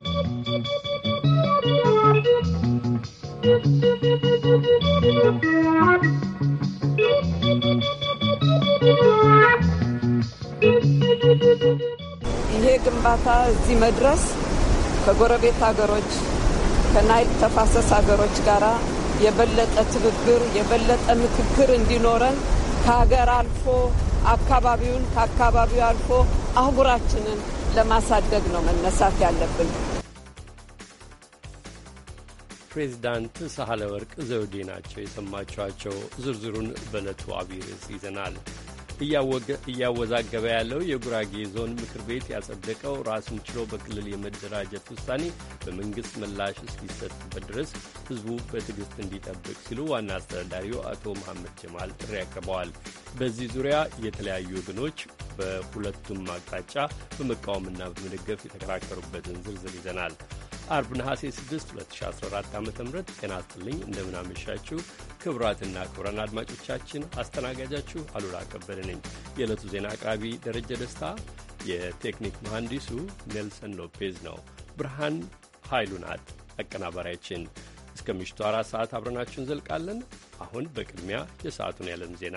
ይሄ ግንባታ እዚህ መድረስ ከጎረቤት ሀገሮች ከናይል ተፋሰስ ሀገሮች ጋራ የበለጠ ትብብር የበለጠ ምክክር እንዲኖረን ከሀገር አልፎ አካባቢውን ከአካባቢው አልፎ አህጉራችንን ለማሳደግ ነው መነሳት ያለብን። ፕሬዚዳንት ሳህለ ወርቅ ዘውዴ ናቸው የሰማችኋቸው። ዝርዝሩን በዕለቱ አብይ ርዕስ ይዘናል። እያወዛገበ ያለው የጉራጌ ዞን ምክር ቤት ያጸደቀው ራሱን ችሎ በክልል የመደራጀት ውሳኔ በመንግስት ምላሽ እስኪሰጥበት ድረስ ህዝቡ በትግስት እንዲጠብቅ ሲሉ ዋና አስተዳዳሪው አቶ መሐመድ ጀማል ጥሪ አቅርበዋል። በዚህ ዙሪያ የተለያዩ ወገኖች በሁለቱም አቅጣጫ በመቃወምና በመደገፍ የተከራከሩበትን ዝርዝር ይዘናል። አርብ ነሐሴ 6 2014 ዓ ም ጤና ይስጥልኝ። እንደምናመሻችሁ ክቡራትና ክቡራን አድማጮቻችን አስተናጋጃችሁ አሉላ ከበደ ነኝ። የዕለቱ ዜና አቅራቢ ደረጀ ደስታ፣ የቴክኒክ መሐንዲሱ ኔልሰን ሎፔዝ ነው። ብርሃን ኃይሉ ናት አቀናባሪያችን። እስከ ምሽቱ አራት ሰዓት አብረናችሁን ዘልቃለን። አሁን በቅድሚያ የሰዓቱን ያለም ዜና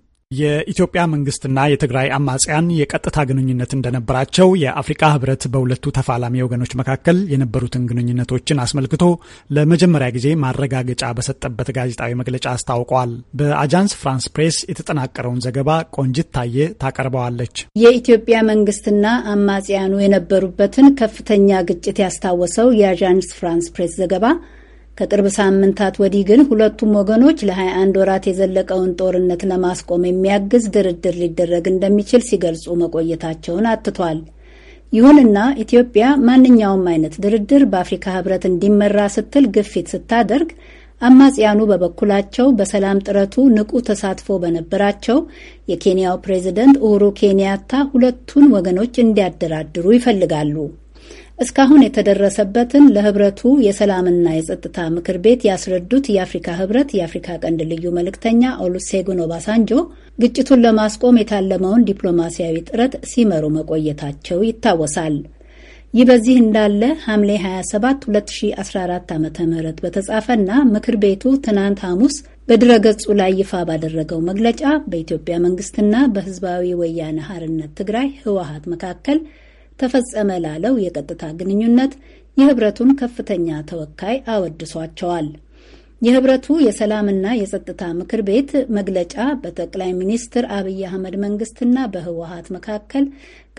የኢትዮጵያ መንግስትና የትግራይ አማጽያን የቀጥታ ግንኙነት እንደነበራቸው የአፍሪካ ህብረት በሁለቱ ተፋላሚ ወገኖች መካከል የነበሩትን ግንኙነቶችን አስመልክቶ ለመጀመሪያ ጊዜ ማረጋገጫ በሰጠበት ጋዜጣዊ መግለጫ አስታውቋል። በአጃንስ ፍራንስ ፕሬስ የተጠናቀረውን ዘገባ ቆንጅት ታዬ ታቀርበዋለች። የኢትዮጵያ መንግስትና አማጽያኑ የነበሩበትን ከፍተኛ ግጭት ያስታወሰው የአጃንስ ፍራንስ ፕሬስ ዘገባ ከቅርብ ሳምንታት ወዲህ ግን ሁለቱም ወገኖች ለ21 ወራት የዘለቀውን ጦርነት ለማስቆም የሚያግዝ ድርድር ሊደረግ እንደሚችል ሲገልጹ መቆየታቸውን አትቷል። ይሁንና ኢትዮጵያ ማንኛውም አይነት ድርድር በአፍሪካ ሕብረት እንዲመራ ስትል ግፊት ስታደርግ አማጽያኑ በበኩላቸው በሰላም ጥረቱ ንቁ ተሳትፎ በነበራቸው የኬንያው ፕሬዝደንት ኡሁሩ ኬንያታ ሁለቱን ወገኖች እንዲያደራድሩ ይፈልጋሉ። እስካሁን የተደረሰበትን ለህብረቱ የሰላምና የጸጥታ ምክር ቤት ያስረዱት የአፍሪካ ህብረት የአፍሪካ ቀንድ ልዩ መልእክተኛ ኦሉሴጉን ኦባሳንጆ ግጭቱን ለማስቆም የታለመውን ዲፕሎማሲያዊ ጥረት ሲመሩ መቆየታቸው ይታወሳል። ይህ በዚህ እንዳለ ሐምሌ 27 2014 ዓ ም በተጻፈና ምክር ቤቱ ትናንት ሐሙስ በድረገጹ ላይ ይፋ ባደረገው መግለጫ በኢትዮጵያ መንግስትና በህዝባዊ ወያነ ሐርነት ትግራይ ህወሀት መካከል ተፈጸመ ላለው የቀጥታ ግንኙነት የህብረቱን ከፍተኛ ተወካይ አወድሷቸዋል። የህብረቱ የሰላምና የጸጥታ ምክር ቤት መግለጫ በጠቅላይ ሚኒስትር አብይ አህመድ መንግስትና በህወሀት መካከል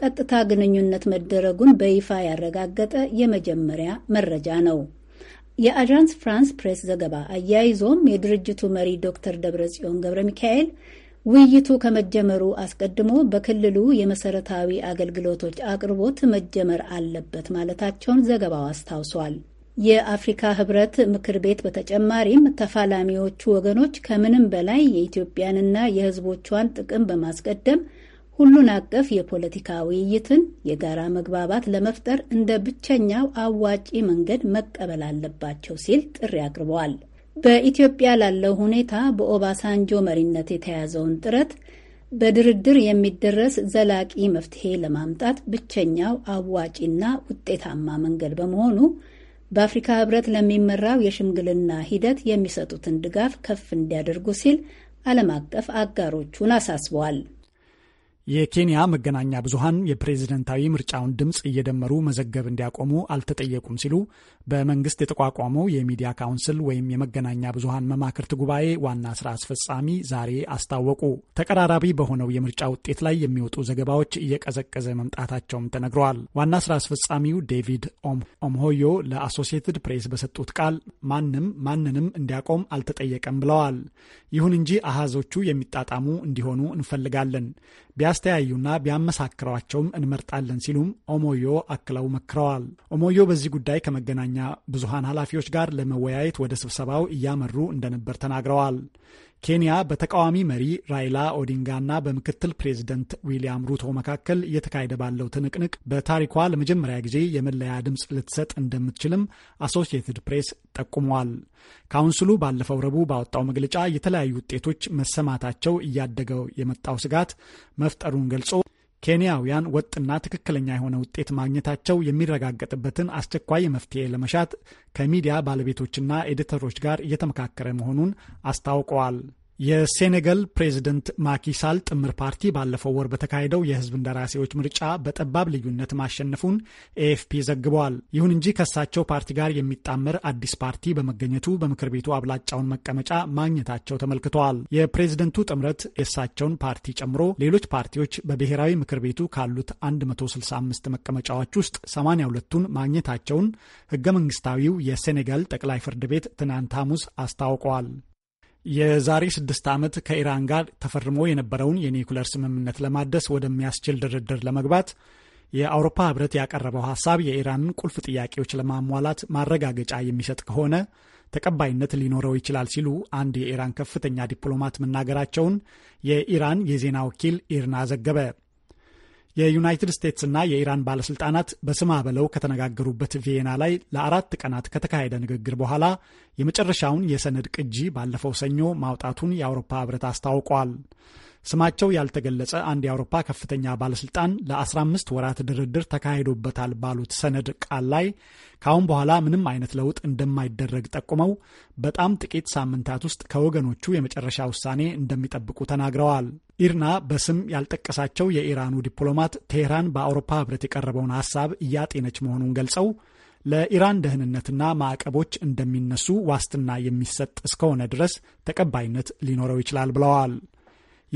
ቀጥታ ግንኙነት መደረጉን በይፋ ያረጋገጠ የመጀመሪያ መረጃ ነው። የአጃንስ ፍራንስ ፕሬስ ዘገባ አያይዞም የድርጅቱ መሪ ዶክተር ደብረጽዮን ገብረ ሚካኤል ውይይቱ ከመጀመሩ አስቀድሞ በክልሉ የመሰረታዊ አገልግሎቶች አቅርቦት መጀመር አለበት ማለታቸውን ዘገባው አስታውሷል። የአፍሪካ ህብረት ምክር ቤት በተጨማሪም ተፋላሚዎቹ ወገኖች ከምንም በላይ የኢትዮጵያንና የህዝቦቿን ጥቅም በማስቀደም ሁሉን አቀፍ የፖለቲካ ውይይትን የጋራ መግባባት ለመፍጠር እንደ ብቸኛው አዋጪ መንገድ መቀበል አለባቸው ሲል ጥሪ አቅርበዋል። በኢትዮጵያ ላለው ሁኔታ በኦባሳንጆ መሪነት የተያዘውን ጥረት በድርድር የሚደረስ ዘላቂ መፍትሄ ለማምጣት ብቸኛው አዋጪና ውጤታማ መንገድ በመሆኑ በአፍሪካ ሕብረት ለሚመራው የሽምግልና ሂደት የሚሰጡትን ድጋፍ ከፍ እንዲያደርጉ ሲል ዓለም አቀፍ አጋሮቹን አሳስበዋል። የኬንያ መገናኛ ብዙሃን የፕሬዝደንታዊ ምርጫውን ድምፅ እየደመሩ መዘገብ እንዲያቆሙ አልተጠየቁም ሲሉ በመንግስት የተቋቋመው የሚዲያ ካውንስል ወይም የመገናኛ ብዙሃን መማክርት ጉባኤ ዋና ስራ አስፈጻሚ ዛሬ አስታወቁ። ተቀራራቢ በሆነው የምርጫ ውጤት ላይ የሚወጡ ዘገባዎች እየቀዘቀዘ መምጣታቸውም ተነግረዋል። ዋና ስራ አስፈጻሚው ዴቪድ ኦምሆዮ ለአሶሲየትድ ፕሬስ በሰጡት ቃል ማንም ማንንም እንዲያቆም አልተጠየቀም ብለዋል። ይሁን እንጂ አሃዞቹ የሚጣጣሙ እንዲሆኑ እንፈልጋለን ቢያስተያዩና ቢያመሳክሯቸውም እንመርጣለን ሲሉም ኦሞዮ አክለው መክረዋል። ኦሞዮ በዚህ ጉዳይ ከመገናኛ ብዙሃን ኃላፊዎች ጋር ለመወያየት ወደ ስብሰባው እያመሩ እንደነበር ተናግረዋል። ኬንያ በተቃዋሚ መሪ ራይላ ኦዲንጋና በምክትል ፕሬዚደንት ዊሊያም ሩቶ መካከል እየተካሄደ ባለው ትንቅንቅ በታሪኳ ለመጀመሪያ ጊዜ የመለያ ድምፅ ልትሰጥ እንደምትችልም አሶሲየትድ ፕሬስ ጠቁመዋል። ካውንስሉ ባለፈው ረቡዕ ባወጣው መግለጫ የተለያዩ ውጤቶች መሰማታቸው እያደገው የመጣው ስጋት መፍጠሩን ገልጾ ኬንያውያን ወጥና ትክክለኛ የሆነ ውጤት ማግኘታቸው የሚረጋገጥበትን አስቸኳይ መፍትሄ ለመሻት ከሚዲያ ባለቤቶችና ኤዲተሮች ጋር እየተመካከረ መሆኑን አስታውቀዋል። የሴኔጋል ፕሬዝደንት ማኪሳል ጥምር ፓርቲ ባለፈው ወር በተካሄደው የህዝብ እንደራሴዎች ምርጫ በጠባብ ልዩነት ማሸነፉን ኤኤፍፒ ዘግበዋል። ይሁን እንጂ ከሳቸው ፓርቲ ጋር የሚጣመር አዲስ ፓርቲ በመገኘቱ በምክር ቤቱ አብላጫውን መቀመጫ ማግኘታቸው ተመልክተዋል። የፕሬዝደንቱ ጥምረት የእሳቸውን ፓርቲ ጨምሮ ሌሎች ፓርቲዎች በብሔራዊ ምክር ቤቱ ካሉት 165 መቀመጫዎች ውስጥ 82ቱን ማግኘታቸውን ህገ መንግስታዊው የሴኔጋል ጠቅላይ ፍርድ ቤት ትናንት ሐሙስ አስታውቀዋል። የዛሬ ስድስት ዓመት ከኢራን ጋር ተፈርሞ የነበረውን የኒኩለር ስምምነት ለማደስ ወደሚያስችል ድርድር ለመግባት የአውሮፓ ህብረት ያቀረበው ሀሳብ የኢራንን ቁልፍ ጥያቄዎች ለማሟላት ማረጋገጫ የሚሰጥ ከሆነ ተቀባይነት ሊኖረው ይችላል ሲሉ አንድ የኢራን ከፍተኛ ዲፕሎማት መናገራቸውን የኢራን የዜና ወኪል ኢርና ዘገበ። የዩናይትድ ስቴትስና የኢራን ባለስልጣናት በስማ በለው ከተነጋገሩበት ቪየና ላይ ለአራት ቀናት ከተካሄደ ንግግር በኋላ የመጨረሻውን የሰነድ ቅጂ ባለፈው ሰኞ ማውጣቱን የአውሮፓ ህብረት አስታውቋል። ስማቸው ያልተገለጸ አንድ የአውሮፓ ከፍተኛ ባለስልጣን ለ15 ወራት ድርድር ተካሂዶበታል ባሉት ሰነድ ቃል ላይ ከአሁን በኋላ ምንም አይነት ለውጥ እንደማይደረግ ጠቁመው በጣም ጥቂት ሳምንታት ውስጥ ከወገኖቹ የመጨረሻ ውሳኔ እንደሚጠብቁ ተናግረዋል። ኢርና በስም ያልጠቀሳቸው የኢራኑ ዲፕሎማት ቴህራን በአውሮፓ ህብረት የቀረበውን ሀሳብ እያጤነች መሆኑን ገልጸው ለኢራን ደህንነትና ማዕቀቦች እንደሚነሱ ዋስትና የሚሰጥ እስከሆነ ድረስ ተቀባይነት ሊኖረው ይችላል ብለዋል።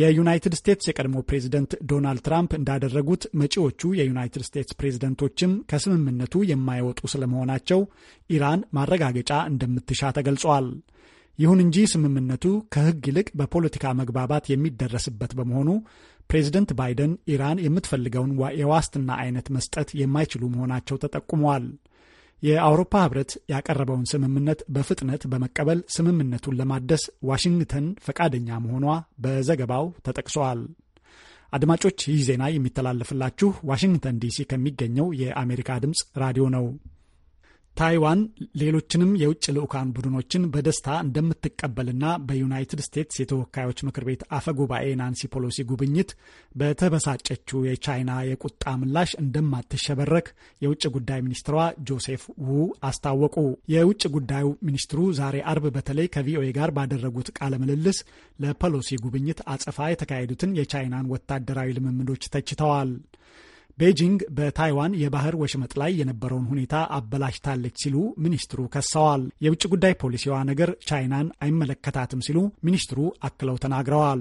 የዩናይትድ ስቴትስ የቀድሞ ፕሬዚደንት ዶናልድ ትራምፕ እንዳደረጉት መጪዎቹ የዩናይትድ ስቴትስ ፕሬዚደንቶችም ከስምምነቱ የማይወጡ ስለመሆናቸው ኢራን ማረጋገጫ እንደምትሻ ተገልጿል። ይሁን እንጂ ስምምነቱ ከሕግ ይልቅ በፖለቲካ መግባባት የሚደረስበት በመሆኑ ፕሬዚደንት ባይደን ኢራን የምትፈልገውን የዋስትና አይነት መስጠት የማይችሉ መሆናቸው ተጠቁመዋል። የአውሮፓ ህብረት ያቀረበውን ስምምነት በፍጥነት በመቀበል ስምምነቱን ለማደስ ዋሽንግተን ፈቃደኛ መሆኗ በዘገባው ተጠቅሷል። አድማጮች ይህ ዜና የሚተላለፍላችሁ ዋሽንግተን ዲሲ ከሚገኘው የአሜሪካ ድምፅ ራዲዮ ነው። ታይዋን ሌሎችንም የውጭ ልዑካን ቡድኖችን በደስታ እንደምትቀበልና በዩናይትድ ስቴትስ የተወካዮች ምክር ቤት አፈ ጉባኤ ናንሲ ፖሎሲ ጉብኝት በተበሳጨችው የቻይና የቁጣ ምላሽ እንደማትሸበረክ የውጭ ጉዳይ ሚኒስትሯ ጆሴፍ ዉ አስታወቁ። የውጭ ጉዳዩ ሚኒስትሩ ዛሬ አርብ በተለይ ከቪኦኤ ጋር ባደረጉት ቃለ ምልልስ ለፖሎሲ ጉብኝት አጸፋ የተካሄዱትን የቻይናን ወታደራዊ ልምምዶች ተችተዋል። ቤጂንግ በታይዋን የባህር ወሽመጥ ላይ የነበረውን ሁኔታ አበላሽታለች ሲሉ ሚኒስትሩ ከሰዋል። የውጭ ጉዳይ ፖሊሲዋ ነገር ቻይናን አይመለከታትም ሲሉ ሚኒስትሩ አክለው ተናግረዋል።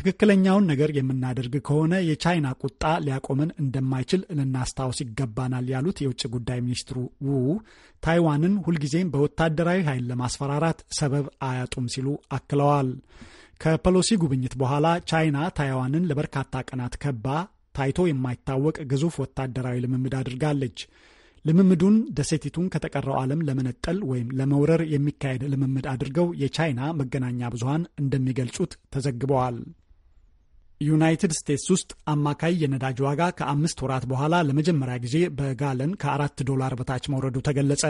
ትክክለኛውን ነገር የምናደርግ ከሆነ የቻይና ቁጣ ሊያቆመን እንደማይችል ልናስታውስ ይገባናል ያሉት የውጭ ጉዳይ ሚኒስትሩ ው ታይዋንን ሁልጊዜም በወታደራዊ ኃይል ለማስፈራራት ሰበብ አያጡም ሲሉ አክለዋል። ከፐሎሲ ጉብኝት በኋላ ቻይና ታይዋንን ለበርካታ ቀናት ከባ ታይቶ የማይታወቅ ግዙፍ ወታደራዊ ልምምድ አድርጋለች። ልምምዱን ደሴቲቱን ከተቀረው ዓለም ለመነጠል ወይም ለመውረር የሚካሄድ ልምምድ አድርገው የቻይና መገናኛ ብዙሃን እንደሚገልጹት ተዘግበዋል። ዩናይትድ ስቴትስ ውስጥ አማካይ የነዳጅ ዋጋ ከአምስት ወራት በኋላ ለመጀመሪያ ጊዜ በጋለን ከአራት ዶላር በታች መውረዱ ተገለጸ።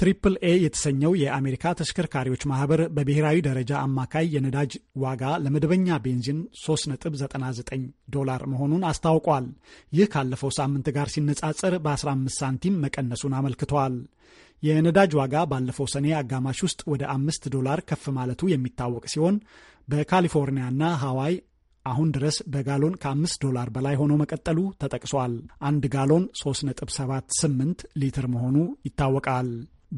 ትሪፕል ኤ የተሰኘው የአሜሪካ ተሽከርካሪዎች ማህበር በብሔራዊ ደረጃ አማካይ የነዳጅ ዋጋ ለመደበኛ ቤንዚን 3.99 ዶላር መሆኑን አስታውቋል። ይህ ካለፈው ሳምንት ጋር ሲነጻጸር በ15 ሳንቲም መቀነሱን አመልክተዋል። የነዳጅ ዋጋ ባለፈው ሰኔ አጋማሽ ውስጥ ወደ 5 ዶላር ከፍ ማለቱ የሚታወቅ ሲሆን በካሊፎርኒያና ሃዋይ አሁን ድረስ በጋሎን ከ5 ዶላር በላይ ሆኖ መቀጠሉ ተጠቅሷል። አንድ ጋሎን 3.78 ሊትር መሆኑ ይታወቃል።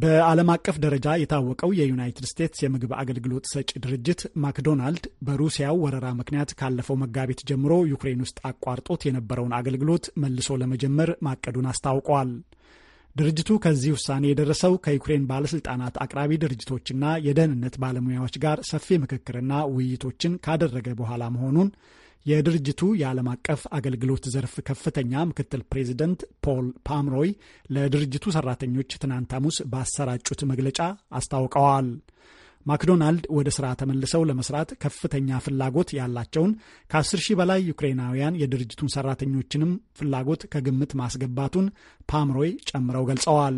በዓለም አቀፍ ደረጃ የታወቀው የዩናይትድ ስቴትስ የምግብ አገልግሎት ሰጪ ድርጅት ማክዶናልድ በሩሲያው ወረራ ምክንያት ካለፈው መጋቢት ጀምሮ ዩክሬን ውስጥ አቋርጦት የነበረውን አገልግሎት መልሶ ለመጀመር ማቀዱን አስታውቋል። ድርጅቱ ከዚህ ውሳኔ የደረሰው ከዩክሬን ባለስልጣናት፣ አቅራቢ ድርጅቶችና የደህንነት ባለሙያዎች ጋር ሰፊ ምክክርና ውይይቶችን ካደረገ በኋላ መሆኑን የድርጅቱ የዓለም አቀፍ አገልግሎት ዘርፍ ከፍተኛ ምክትል ፕሬዚደንት ፖል ፓምሮይ ለድርጅቱ ሰራተኞች ትናንት ሐሙስ ባሰራጩት መግለጫ አስታውቀዋል። ማክዶናልድ ወደ ሥራ ተመልሰው ለመስራት ከፍተኛ ፍላጎት ያላቸውን ከ10 ሺህ በላይ ዩክሬናውያን የድርጅቱን ሰራተኞችንም ፍላጎት ከግምት ማስገባቱን ፓምሮይ ጨምረው ገልጸዋል።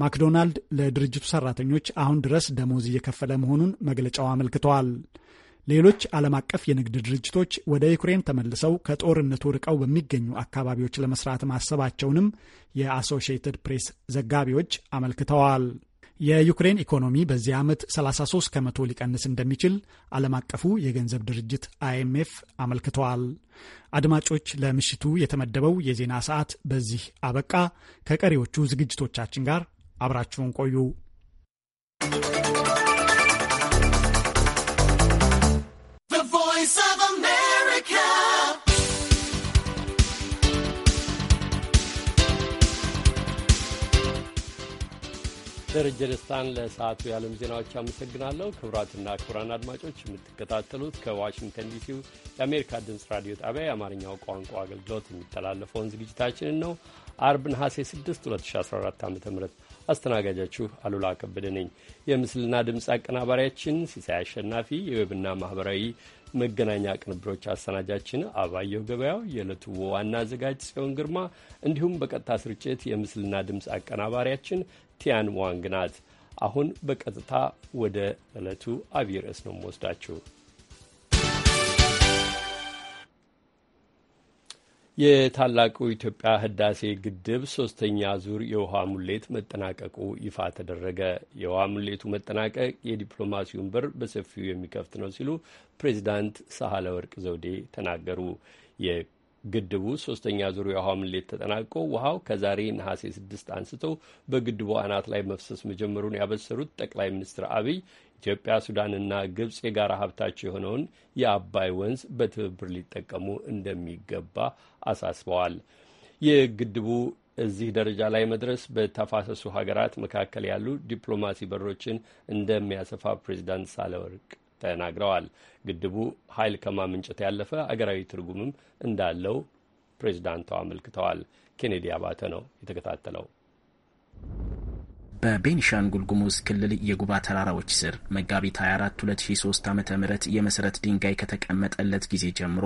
ማክዶናልድ ለድርጅቱ ሰራተኞች አሁን ድረስ ደሞዝ እየከፈለ መሆኑን መግለጫው አመልክተዋል። ሌሎች ዓለም አቀፍ የንግድ ድርጅቶች ወደ ዩክሬን ተመልሰው ከጦርነቱ ርቀው በሚገኙ አካባቢዎች ለመስራት ማሰባቸውንም የአሶሺየትድ ፕሬስ ዘጋቢዎች አመልክተዋል። የዩክሬን ኢኮኖሚ በዚህ ዓመት 33 ከመቶ ሊቀንስ እንደሚችል ዓለም አቀፉ የገንዘብ ድርጅት አይኤምኤፍ አመልክተዋል። አድማጮች፣ ለምሽቱ የተመደበው የዜና ሰዓት በዚህ አበቃ። ከቀሪዎቹ ዝግጅቶቻችን ጋር አብራችሁን ቆዩ። ደረጀ ደስታን ለሰዓቱ የዓለም ዜናዎች አመሰግናለሁ። ክቡራትና ክቡራን አድማጮች የምትከታተሉት ከዋሽንግተን ዲሲው የአሜሪካ ድምፅ ራዲዮ ጣቢያ የአማርኛው ቋንቋ አገልግሎት የሚተላለፈውን ዝግጅታችንን ነው። አርብ ነሐሴ 6 2014 ዓ ም አስተናጋጃችሁ አሉላ ከበደ ነኝ። የምስልና ድምፅ አቀናባሪያችን ሲሳይ አሸናፊ፣ የዌብና ማኅበራዊ መገናኛ ቅንብሮች አሰናጃችን አባየሁ ገበያው፣ የዕለቱ ዋና አዘጋጅ ጽዮን ግርማ እንዲሁም በቀጥታ ስርጭት የምስልና ድምፅ አቀናባሪያችን ቲያን ዋንግ ናት። አሁን በቀጥታ ወደ ዕለቱ አብይ ርዕስ ነው የምወስዳችሁ። የታላቁ ኢትዮጵያ ህዳሴ ግድብ ሶስተኛ ዙር የውሃ ሙሌት መጠናቀቁ ይፋ ተደረገ። የውሃ ሙሌቱ መጠናቀቅ የዲፕሎማሲውን በር በሰፊው የሚከፍት ነው ሲሉ ፕሬዚዳንት ሳህለ ወርቅ ዘውዴ ተናገሩ። ግድቡ ሶስተኛ ዙር የውሃ ምሌት ተጠናቆ ውሃው ከዛሬ ነሐሴ ስድስት አንስቶ በግድቡ አናት ላይ መፍሰስ መጀመሩን ያበሰሩት ጠቅላይ ሚኒስትር አብይ ኢትዮጵያ፣ ሱዳንና ግብጽ የጋራ ሀብታቸው የሆነውን የአባይ ወንዝ በትብብር ሊጠቀሙ እንደሚገባ አሳስበዋል። የግድቡ እዚህ ደረጃ ላይ መድረስ በተፋሰሱ ሀገራት መካከል ያሉ ዲፕሎማሲ በሮችን እንደሚያሰፋ ፕሬዚዳንት ሳለወርቅ ተናግረዋል። ግድቡ ኃይል ከማመንጨት ያለፈ አገራዊ ትርጉምም እንዳለው ፕሬዚዳንቷ አመልክተዋል። ኬኔዲ አባተ ነው የተከታተለው። በቤኒሻንጉል ጉሙዝ ክልል የጉባ ተራራዎች ስር መጋቢት 24 2003 ዓ ም የመሠረት ድንጋይ ከተቀመጠለት ጊዜ ጀምሮ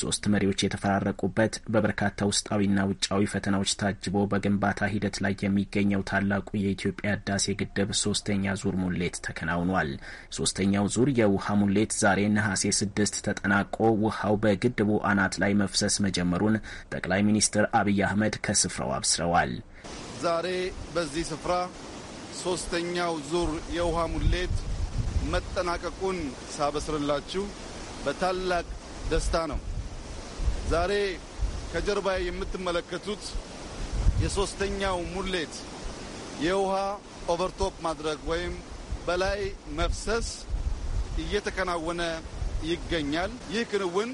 ሶስት መሪዎች የተፈራረቁበት በበርካታ ውስጣዊና ውጫዊ ፈተናዎች ታጅቦ በግንባታ ሂደት ላይ የሚገኘው ታላቁ የኢትዮጵያ ህዳሴ ግድብ ሶስተኛ ዙር ሙሌት ተከናውኗል። ሶስተኛው ዙር የውሃ ሙሌት ዛሬ ነሐሴ 6 ተጠናቆ ውሃው በግድቡ አናት ላይ መፍሰስ መጀመሩን ጠቅላይ ሚኒስትር አብይ አህመድ ከስፍራው አብስረዋል። ዛሬ በዚህ ስፍራ ሶስተኛው ዙር የውሃ ሙሌት መጠናቀቁን ሳበስርላችሁ በታላቅ ደስታ ነው። ዛሬ ከጀርባ የምትመለከቱት የሶስተኛው ሙሌት የውሃ ኦቨርቶፕ ማድረግ ወይም በላይ መፍሰስ እየተከናወነ ይገኛል። ይህ ክንውን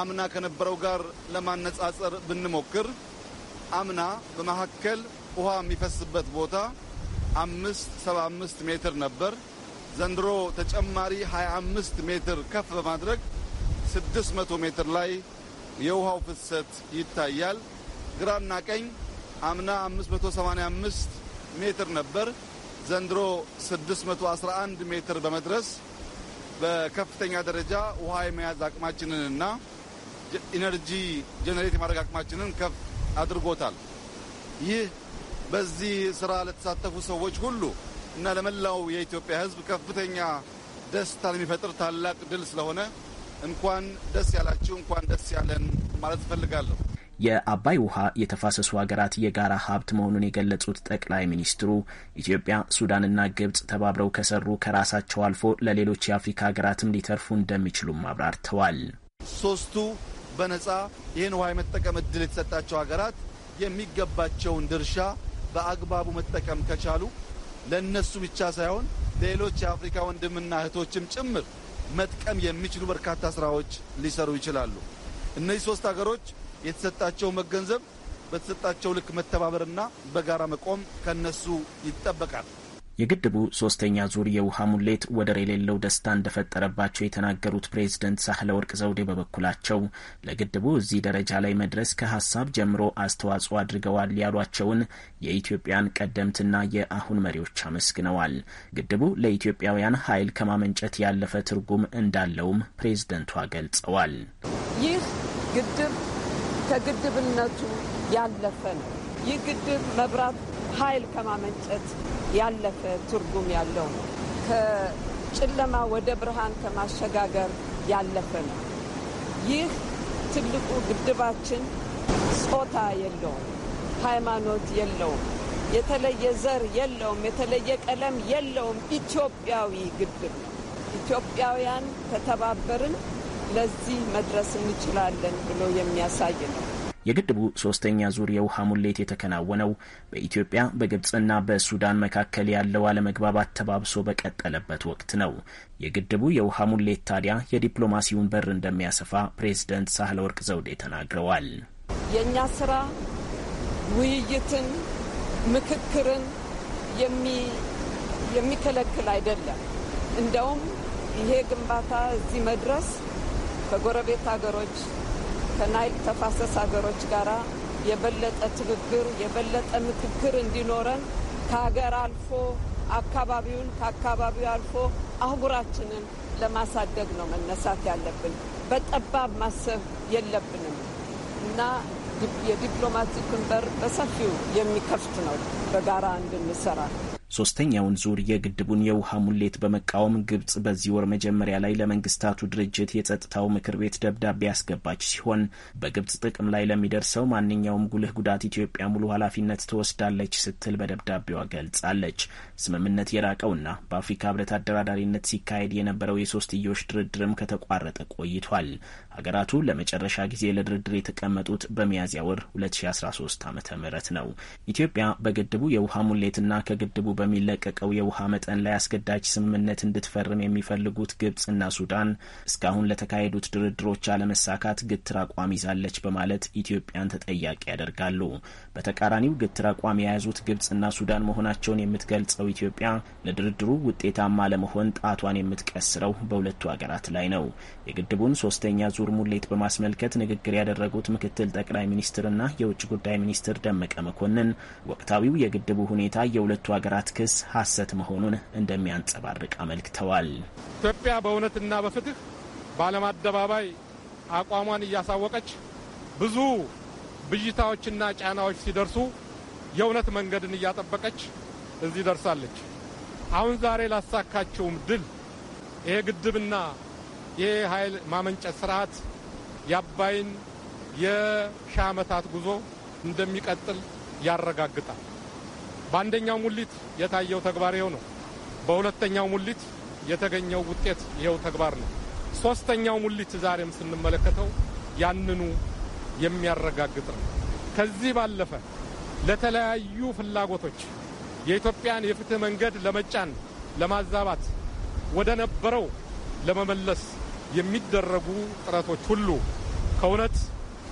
አምና ከነበረው ጋር ለማነጻጸር ብንሞክር አምና በመካከል ውሃ የሚፈስበት ቦታ አምስት ሰባ አምስት ሜትር ነበር። ዘንድሮ ተጨማሪ 25 ሜትር ከፍ በማድረግ 600 ሜትር ላይ የውሃው ፍሰት ይታያል። ግራና ቀኝ አምና 585 ሜትር ነበር። ዘንድሮ 611 ሜትር በመድረስ በከፍተኛ ደረጃ ውሃ የመያዝ አቅማችንንና ኢነርጂ ጀኔሬት የማድረግ አቅማችንን ከፍ አድርጎታል። ይህ በዚህ ስራ ለተሳተፉ ሰዎች ሁሉ እና ለመላው የኢትዮጵያ ሕዝብ ከፍተኛ ደስታ የሚፈጥር ታላቅ ድል ስለሆነ እንኳን ደስ ያላችሁ፣ እንኳን ደስ ያለን ማለት እፈልጋለሁ። የአባይ ውሃ የተፋሰሱ ሀገራት የጋራ ሀብት መሆኑን የገለጹት ጠቅላይ ሚኒስትሩ ኢትዮጵያ፣ ሱዳንና ግብጽ ተባብረው ከሰሩ ከራሳቸው አልፎ ለሌሎች የአፍሪካ ሀገራትም ሊተርፉ እንደሚችሉም አብራርተዋል። ሶስቱ በነጻ ይህን ውሃ የመጠቀም እድል የተሰጣቸው ሀገራት የሚገባቸውን ድርሻ በአግባቡ መጠቀም ከቻሉ ለእነሱ ብቻ ሳይሆን ሌሎች የአፍሪካ ወንድምና እህቶችም ጭምር መጥቀም የሚችሉ በርካታ ስራዎች ሊሰሩ ይችላሉ። እነዚህ ሶስት ሀገሮች የተሰጣቸው መገንዘብ በተሰጣቸው ልክ መተባበርና በጋራ መቆም ከነሱ ይጠበቃል። የግድቡ ሶስተኛ ዙር የውሃ ሙሌት ወደር የሌለው ደስታ እንደፈጠረባቸው የተናገሩት ፕሬዝደንት ሳህለ ወርቅ ዘውዴ በበኩላቸው ለግድቡ እዚህ ደረጃ ላይ መድረስ ከሀሳብ ጀምሮ አስተዋጽኦ አድርገዋል ያሏቸውን የኢትዮጵያን ቀደምትና የአሁን መሪዎች አመስግነዋል። ግድቡ ለኢትዮጵያውያን ኃይል ከማመንጨት ያለፈ ትርጉም እንዳለውም ፕሬዝደንቷ ገልጸዋል። ይህ ግድብ ከግድብነቱ ያለፈ ነው። ይህ ግድብ መብራት ኃይል ከማመንጨት ያለፈ ትርጉም ያለው ነው። ከጨለማ ወደ ብርሃን ከማሸጋገር ያለፈ ነው። ይህ ትልቁ ግድባችን ጾታ የለውም፣ ሃይማኖት የለውም፣ የተለየ ዘር የለውም፣ የተለየ ቀለም የለውም። ኢትዮጵያዊ ግድብ ነው። ኢትዮጵያውያን ከተባበርን ለዚህ መድረስ እንችላለን ብሎ የሚያሳይ ነው። የግድቡ ሶስተኛ ዙር የውሃ ሙሌት የተከናወነው በኢትዮጵያ በግብፅና በሱዳን መካከል ያለው አለመግባባት ተባብሶ በቀጠለበት ወቅት ነው። የግድቡ የውሃ ሙሌት ታዲያ የዲፕሎማሲውን በር እንደሚያሰፋ ፕሬዝደንት ሳህለ ወርቅ ዘውዴ ተናግረዋል። የእኛ ስራ ውይይትን፣ ምክክርን የሚከለክል አይደለም። እንደውም ይሄ ግንባታ እዚህ መድረስ ከጎረቤት ሀገሮች ከናይል ተፋሰስ ሀገሮች ጋር የበለጠ ትብብር የበለጠ ምክክር እንዲኖረን ከሀገር አልፎ አካባቢውን ከአካባቢው አልፎ አህጉራችንን ለማሳደግ ነው መነሳት ያለብን። በጠባብ ማሰብ የለብንም እና የዲፕሎማቲክን በር በሰፊው የሚከፍት ነው በጋራ እንድንሰራ ሶስተኛውን ዙር የግድቡን የውሃ ሙሌት በመቃወም ግብጽ በዚህ ወር መጀመሪያ ላይ ለመንግስታቱ ድርጅት የጸጥታው ምክር ቤት ደብዳቤ ያስገባች ሲሆን በግብጽ ጥቅም ላይ ለሚደርሰው ማንኛውም ጉልህ ጉዳት ኢትዮጵያ ሙሉ ኃላፊነት ትወስዳለች ስትል በደብዳቤዋ ገልጻለች። ስምምነት የራቀውና በአፍሪካ ህብረት አደራዳሪነት ሲካሄድ የነበረው የሶስትዮሽ ድርድርም ከተቋረጠ ቆይቷል። ሀገራቱ ለመጨረሻ ጊዜ ለድርድር የተቀመጡት በሚያዝያ ወር 2013 ዓ ም ነው። ኢትዮጵያ በግድቡ የውሃ ሙሌትና ከግድቡ በሚለቀቀው የውሃ መጠን ላይ አስገዳጅ ስምምነት እንድትፈርም የሚፈልጉት እና ሱዳን እስካሁን ለተካሄዱት ድርድሮች አለመሳካት ግትር አቋም ይዛለች በማለት ኢትዮጵያን ተጠያቂ ያደርጋሉ። በተቃራኒው ግትር አቋም የያዙት እና ሱዳን መሆናቸውን የምትገልጸው ኢትዮጵያ ለድርድሩ ውጤታማ ለመሆን ጣቷን የምትቀስረው በሁለቱ ሀገራት ላይ ነው። የግድቡን ሶስተኛ ዙ ዙር ሙሌት በማስመልከት ንግግር ያደረጉት ምክትል ጠቅላይ ሚኒስትርና የውጭ ጉዳይ ሚኒስትር ደመቀ መኮንን ወቅታዊው የግድቡ ሁኔታ የሁለቱ ሀገራት ክስ ሐሰት መሆኑን እንደሚያንጸባርቅ አመልክተዋል። ኢትዮጵያ በእውነትና በፍትህ በዓለም አደባባይ አቋሟን እያሳወቀች ብዙ ብዥታዎችና ጫናዎች ሲደርሱ የእውነት መንገድን እያጠበቀች እዚህ ደርሳለች። አሁን ዛሬ ላሳካችውም ድል ይሄ ግድብና ይህ ኃይል ማመንጨት ስርዓት የአባይን የሺህ ዓመታት ጉዞ እንደሚቀጥል ያረጋግጣል። በአንደኛው ሙሊት የታየው ተግባር ይኸው ነው። በሁለተኛው ሙሊት የተገኘው ውጤት ይኸው ተግባር ነው። ሶስተኛው ሙሊት ዛሬም ስንመለከተው ያንኑ የሚያረጋግጥ ነው። ከዚህ ባለፈ ለተለያዩ ፍላጎቶች የኢትዮጵያን የፍትህ መንገድ ለመጫን፣ ለማዛባት፣ ወደ ነበረው ለመመለስ የሚደረጉ ጥረቶች ሁሉ ከእውነት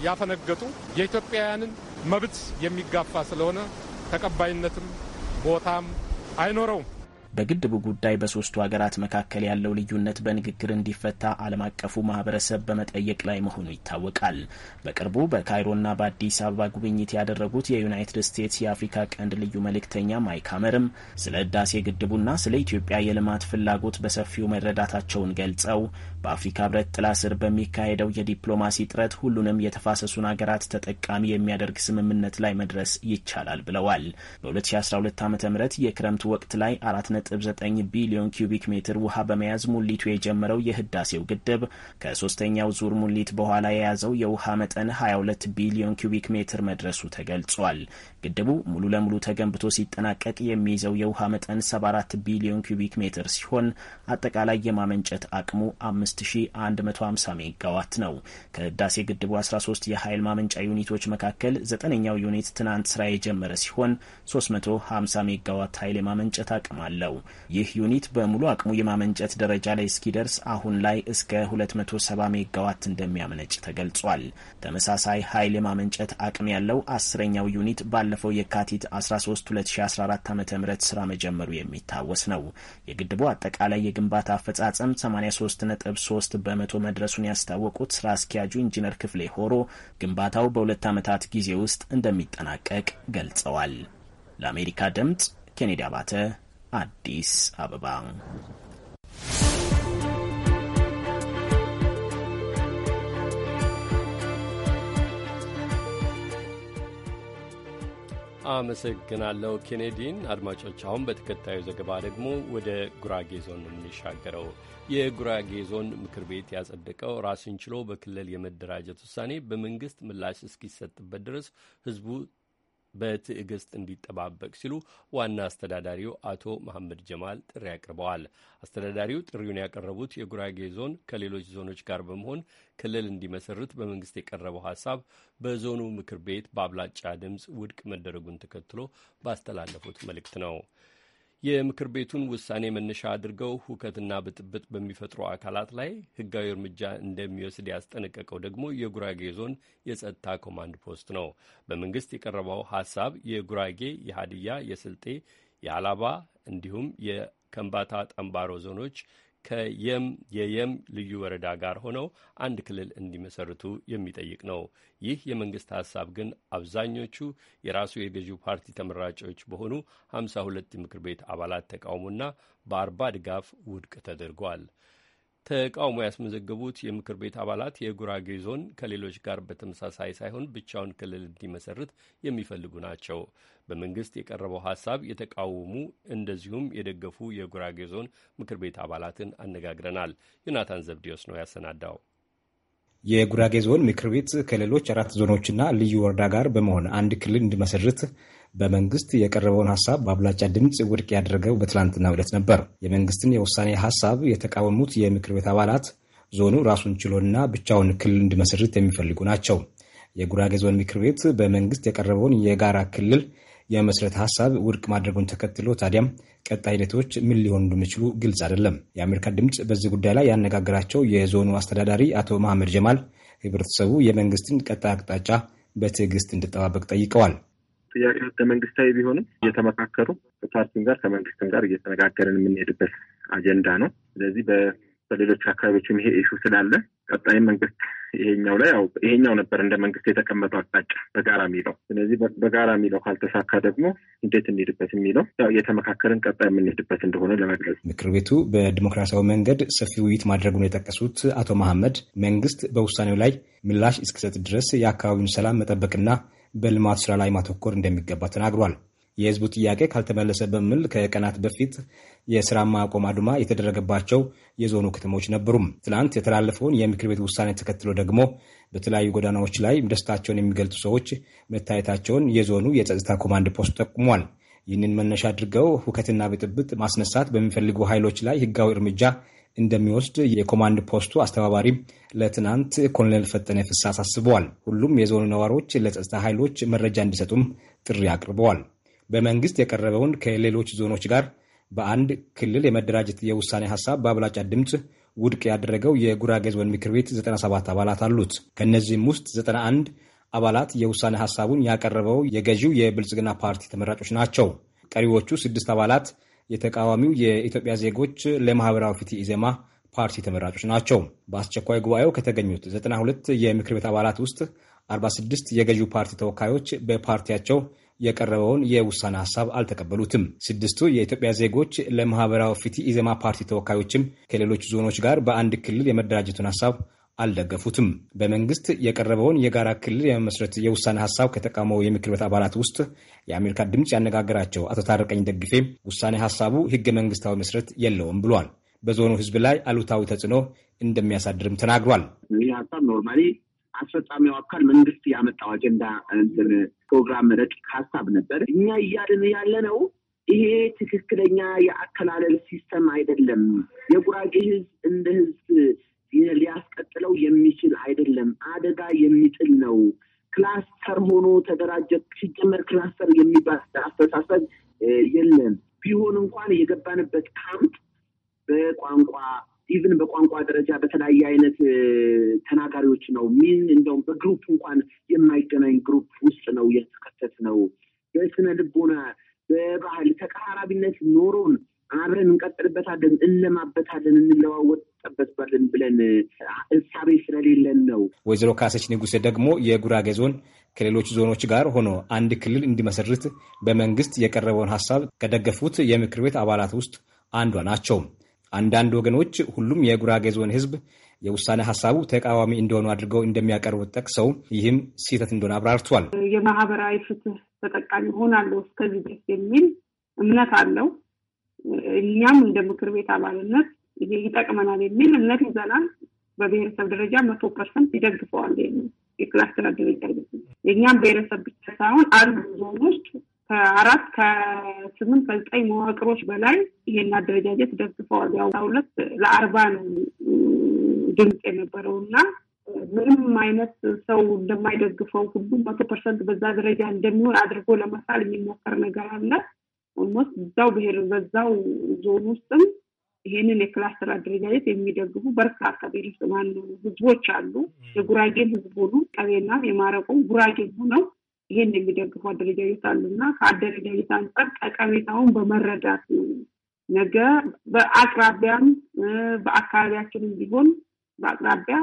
ያፈነገጡ የኢትዮጵያውያንን መብት የሚጋፋ ስለሆነ ተቀባይነትም ቦታም አይኖረውም። በግድቡ ጉዳይ በሶስቱ ሀገራት መካከል ያለው ልዩነት በንግግር እንዲፈታ ዓለም አቀፉ ማህበረሰብ በመጠየቅ ላይ መሆኑ ይታወቃል። በቅርቡ በካይሮና በአዲስ አበባ ጉብኝት ያደረጉት የዩናይትድ ስቴትስ የአፍሪካ ቀንድ ልዩ መልእክተኛ ማይክ ሀመርም ስለ ህዳሴ ግድቡና ስለ ኢትዮጵያ የልማት ፍላጎት በሰፊው መረዳታቸውን ገልጸው በአፍሪካ ህብረት ጥላ ስር በሚካሄደው የዲፕሎማሲ ጥረት ሁሉንም የተፋሰሱን ሀገራት ተጠቃሚ የሚያደርግ ስምምነት ላይ መድረስ ይቻላል ብለዋል። በ2012 ዓ ም የክረምት ወቅት ላይ አራት 9 ቢሊዮን ኪዩቢክ ሜትር ውሃ በመያዝ ሙሊቱ የጀመረው የህዳሴው ግድብ ከሶስተኛው ዙር ሙሊት በኋላ የያዘው የውሃ መጠን 22 ቢሊዮን ኪዩቢክ ሜትር መድረሱ ተገልጿል። ግድቡ ሙሉ ለሙሉ ተገንብቶ ሲጠናቀቅ የሚይዘው የውሃ መጠን 74 ቢሊዮን ኪዩቢክ ሜትር ሲሆን አጠቃላይ የማመንጨት አቅሙ 5150 ሜጋዋት ነው። ከህዳሴ ግድቡ 13 የኃይል ማመንጫ ዩኒቶች መካከል ዘጠነኛው ዩኒት ትናንት ስራ የጀመረ ሲሆን 350 ሜጋዋት ኃይል የማመንጨት አቅም አለው። ነው። ይህ ዩኒት በሙሉ አቅሙ የማመንጨት ደረጃ ላይ እስኪደርስ አሁን ላይ እስከ 270 ሜጋዋት እንደሚያመነጭ ተገልጿል። ተመሳሳይ ኃይል የማመንጨት አቅም ያለው አስረኛው ዩኒት ባለፈው የካቲት 13 2014 ዓ ም ስራ መጀመሩ የሚታወስ ነው። የግድቡ አጠቃላይ የግንባታ አፈጻጸም 83.3 በመቶ መድረሱን ያስታወቁት ስራ አስኪያጁ ኢንጂነር ክፍሌ ሆሮ ግንባታው በሁለት ዓመታት ጊዜ ውስጥ እንደሚጠናቀቅ ገልጸዋል። ለአሜሪካ ድምፅ ኬኔዲ አባተ አዲስ አበባ አመሰግናለሁ ኬኔዲን። አድማጮች፣ አሁን በተከታዩ ዘገባ ደግሞ ወደ ጉራጌ ዞን የምንሻገረው። የጉራጌ ዞን ምክር ቤት ያጸደቀው ራሱን ችሎ በክልል የመደራጀት ውሳኔ በመንግስት ምላሽ እስኪሰጥበት ድረስ ህዝቡ በትዕግስት እንዲጠባበቅ ሲሉ ዋና አስተዳዳሪው አቶ መሐመድ ጀማል ጥሪ አቅርበዋል። አስተዳዳሪው ጥሪውን ያቀረቡት የጉራጌ ዞን ከሌሎች ዞኖች ጋር በመሆን ክልል እንዲመሰርት በመንግስት የቀረበው ሀሳብ በዞኑ ምክር ቤት በአብላጫ ድምፅ ውድቅ መደረጉን ተከትሎ ባስተላለፉት መልእክት ነው። የምክር ቤቱን ውሳኔ መነሻ አድርገው ሁከትና ብጥብጥ በሚፈጥሩ አካላት ላይ ሕጋዊ እርምጃ እንደሚወስድ ያስጠነቀቀው ደግሞ የጉራጌ ዞን የጸጥታ ኮማንድ ፖስት ነው። በመንግስት የቀረበው ሀሳብ የጉራጌ፣ የሀዲያ፣ የስልጤ፣ የአላባ እንዲሁም የከምባታ ጠንባሮ ዞኖች ከየም የየም ልዩ ወረዳ ጋር ሆነው አንድ ክልል እንዲመሰርቱ የሚጠይቅ ነው። ይህ የመንግስት ሀሳብ ግን አብዛኞቹ የራሱ የገዢው ፓርቲ ተመራጮች በሆኑ ሁለት የምክር ቤት አባላት ተቃውሞና በአርባ ድጋፍ ውድቅ ተደርጓል። ተቃውሞ ያስመዘገቡት የምክር ቤት አባላት የጉራጌ ዞን ከሌሎች ጋር በተመሳሳይ ሳይሆን ብቻውን ክልል እንዲመሰርት የሚፈልጉ ናቸው። በመንግስት የቀረበው ሀሳብ የተቃወሙ እንደዚሁም የደገፉ የጉራጌ ዞን ምክር ቤት አባላትን አነጋግረናል። ዮናታን ዘብዲዮስ ነው ያሰናዳው። የጉራጌ ዞን ምክር ቤት ከሌሎች አራት ዞኖችና ልዩ ወረዳ ጋር በመሆን አንድ ክልል እንዲመሰርት በመንግስት የቀረበውን ሀሳብ በአብላጫ ድምፅ ውድቅ ያደረገው በትላንትና ዕለት ነበር። የመንግስትን የውሳኔ ሀሳብ የተቃወሙት የምክር ቤት አባላት ዞኑ ራሱን ችሎና ብቻውን ክልል እንዲመሰርት የሚፈልጉ ናቸው። የጉራጌ ዞን ምክር ቤት በመንግስት የቀረበውን የጋራ ክልል የመሰረተ ሀሳብ ውድቅ ማድረጉን ተከትሎ ታዲያም ቀጣይ ሂደቶች ምን ሊሆኑ እንደሚችሉ ግልጽ አይደለም። የአሜሪካ ድምፅ በዚህ ጉዳይ ላይ ያነጋገራቸው የዞኑ አስተዳዳሪ አቶ መሐመድ ጀማል ህብረተሰቡ የመንግስትን ቀጣይ አቅጣጫ በትዕግስት እንዲጠባበቅ ጠይቀዋል። ጥያቄ ህገ መንግስታዊ ቢሆንም እየተመካከሩ ከፓርቲም ጋር ከመንግስትም ጋር እየተነጋገርን የምንሄድበት አጀንዳ ነው። ስለዚህ በሌሎች አካባቢዎች ይሄ ኢሹ ስላለ ቀጣይም መንግስት ይሄኛው ላይ ያው ይሄኛው ነበር እንደ መንግስት የተቀመጠው አቅጣጫ በጋራ የሚለው። ስለዚህ በጋራ የሚለው ካልተሳካ ደግሞ እንዴት እንሄድበት የሚለው ያው እየተመካከልን ቀጣይ የምንሄድበት እንደሆነ ለመግለጽ ምክር ቤቱ በዲሞክራሲያዊ መንገድ ሰፊ ውይይት ማድረጉን የጠቀሱት አቶ መሐመድ መንግስት በውሳኔው ላይ ምላሽ እስኪሰጥ ድረስ የአካባቢውን ሰላም መጠበቅና በልማት ስራ ላይ ማተኮር እንደሚገባ ተናግሯል። የህዝቡ ጥያቄ ካልተመለሰ በሚል ከቀናት በፊት የስራ ማቆም አድማ የተደረገባቸው የዞኑ ከተሞች ነበሩም። ትላንት የተላለፈውን የምክር ቤት ውሳኔ ተከትሎ ደግሞ በተለያዩ ጎዳናዎች ላይ ደስታቸውን የሚገልጹ ሰዎች መታየታቸውን የዞኑ የጸጥታ ኮማንድ ፖስት ጠቁሟል። ይህንን መነሻ አድርገው ሁከትና ብጥብጥ ማስነሳት በሚፈልጉ ኃይሎች ላይ ህጋዊ እርምጃ እንደሚወስድ የኮማንድ ፖስቱ አስተባባሪ ለትናንት ኮሎኔል ፈጠነ ፍሳ አሳስበዋል። ሁሉም የዞኑ ነዋሪዎች ለጸጥታ ኃይሎች መረጃ እንዲሰጡም ጥሪ አቅርበዋል። በመንግስት የቀረበውን ከሌሎች ዞኖች ጋር በአንድ ክልል የመደራጀት የውሳኔ ሀሳብ በአብላጫ ድምፅ ውድቅ ያደረገው የጉራጌ ዞን ምክር ቤት 97 አባላት አሉት። ከእነዚህም ውስጥ 91 አባላት የውሳኔ ሀሳቡን ያቀረበው የገዢው የብልጽግና ፓርቲ ተመራጮች ናቸው። ቀሪዎቹ ስድስት አባላት የተቃዋሚው የኢትዮጵያ ዜጎች ለማህበራዊ ፍትህ ኢዜማ ፓርቲ ተመራጮች ናቸው። በአስቸኳይ ጉባኤው ከተገኙት 92 የምክር ቤት አባላት ውስጥ 46 የገዢው ፓርቲ ተወካዮች በፓርቲያቸው የቀረበውን የውሳኔ ሀሳብ አልተቀበሉትም። ስድስቱ የኢትዮጵያ ዜጎች ለማህበራዊ ፍትህ ኢዜማ ፓርቲ ተወካዮችም ከሌሎች ዞኖች ጋር በአንድ ክልል የመደራጀቱን ሀሳብ አልደገፉትም። በመንግስት የቀረበውን የጋራ ክልል የመመስረት የውሳኔ ሀሳብ ከተቃውሞ የምክር ቤት አባላት ውስጥ የአሜሪካ ድምፅ ያነጋገራቸው አቶ ታረቀኝ ደግፌ ውሳኔ ሀሳቡ ህገ መንግስታዊ መስረት የለውም ብሏል። በዞኑ ህዝብ ላይ አሉታዊ ተጽዕኖ እንደሚያሳድርም ተናግሯል። ይህ ሀሳብ ኖርማሊ አስፈጻሚው አካል መንግስት ያመጣው አጀንዳ እንትን ፕሮግራም ረቂቅ ሀሳብ ነበር። እኛ እያልን ያለ ነው ይሄ ትክክለኛ የአከላለል ሲስተም አይደለም። የጉራጌ ህዝብ እንደ ህዝብ ሊያስቀጥለው የሚችል አይደለም። አደጋ የሚጥል ነው። ክላስተር ሆኖ ተደራጀ። ሲጀመር ክላስተር የሚባል አስተሳሰብ የለም። ቢሆን እንኳን የገባንበት ካምፕ በቋንቋ ኢቭን በቋንቋ ደረጃ በተለያየ አይነት ተናጋሪዎች ነው ሚን እንደውም በግሩፕ እንኳን የማይገናኝ ግሩፕ ውስጥ ነው የተከተት ነው። በስነ ልቦና በባህል ተቀራራቢነት ኖሮን አብረን እንቀጥልበታለን፣ እንለማበታለን፣ እንለዋወጥበታለን ብለን እሳቤ ስለሌለን ነው። ወይዘሮ ካሰች ንጉሴ ደግሞ የጉራጌ ዞን ከሌሎች ዞኖች ጋር ሆኖ አንድ ክልል እንዲመሰርት በመንግስት የቀረበውን ሀሳብ ከደገፉት የምክር ቤት አባላት ውስጥ አንዷ ናቸው። አንዳንድ ወገኖች ሁሉም የጉራጌ ዞን ህዝብ የውሳኔ ሀሳቡ ተቃዋሚ እንደሆኑ አድርገው እንደሚያቀርቡት ጠቅሰው ይህም ስህተት እንደሆነ አብራርቷል። የማህበራዊ ፍትህ ተጠቃሚ ሆናለሁ እስከዚህ ድረስ የሚል እምነት አለው። እኛም እንደ ምክር ቤት አባልነት ይሄ ይጠቅመናል የሚል እምነት ይዘናል። በብሔረሰብ ደረጃ መቶ ፐርሰንት ይደግፈዋል የክላስተር አደረጃ የእኛም ብሔረሰብ ብቻ ሳይሆን አሉ ዞኖች ከአራት ከስምንት ከዘጠኝ መዋቅሮች በላይ ይሄን አደረጃጀት ደግፈዋል። ያው ሁለት ለአርባ ነው ድምፅ የነበረው እና ምንም አይነት ሰው እንደማይደግፈው ሁሉ መቶ ፐርሰንት በዛ ደረጃ እንደሚሆን አድርጎ ለመሳል የሚሞከር ነገር አለ። ኦልሞስት እዛው ብሄር በዛው ዞን ውስጥም ይሄንን የክላስተር አደረጃጀት የሚደግፉ በርካታ ብሄረሰብ ማን ህዝቦች አሉ። የጉራጌም ህዝብ ሆኑ ቀቤና የማረቆም ጉራጌም ሆነው ይህን የሚደግፉ አደረጃጀት አሉና ከአደረጃጀት አንጻር ጠቀሜታውን በመረዳት ነው ነገ በአቅራቢያም በአካባቢያችንም ቢሆን በአቅራቢያ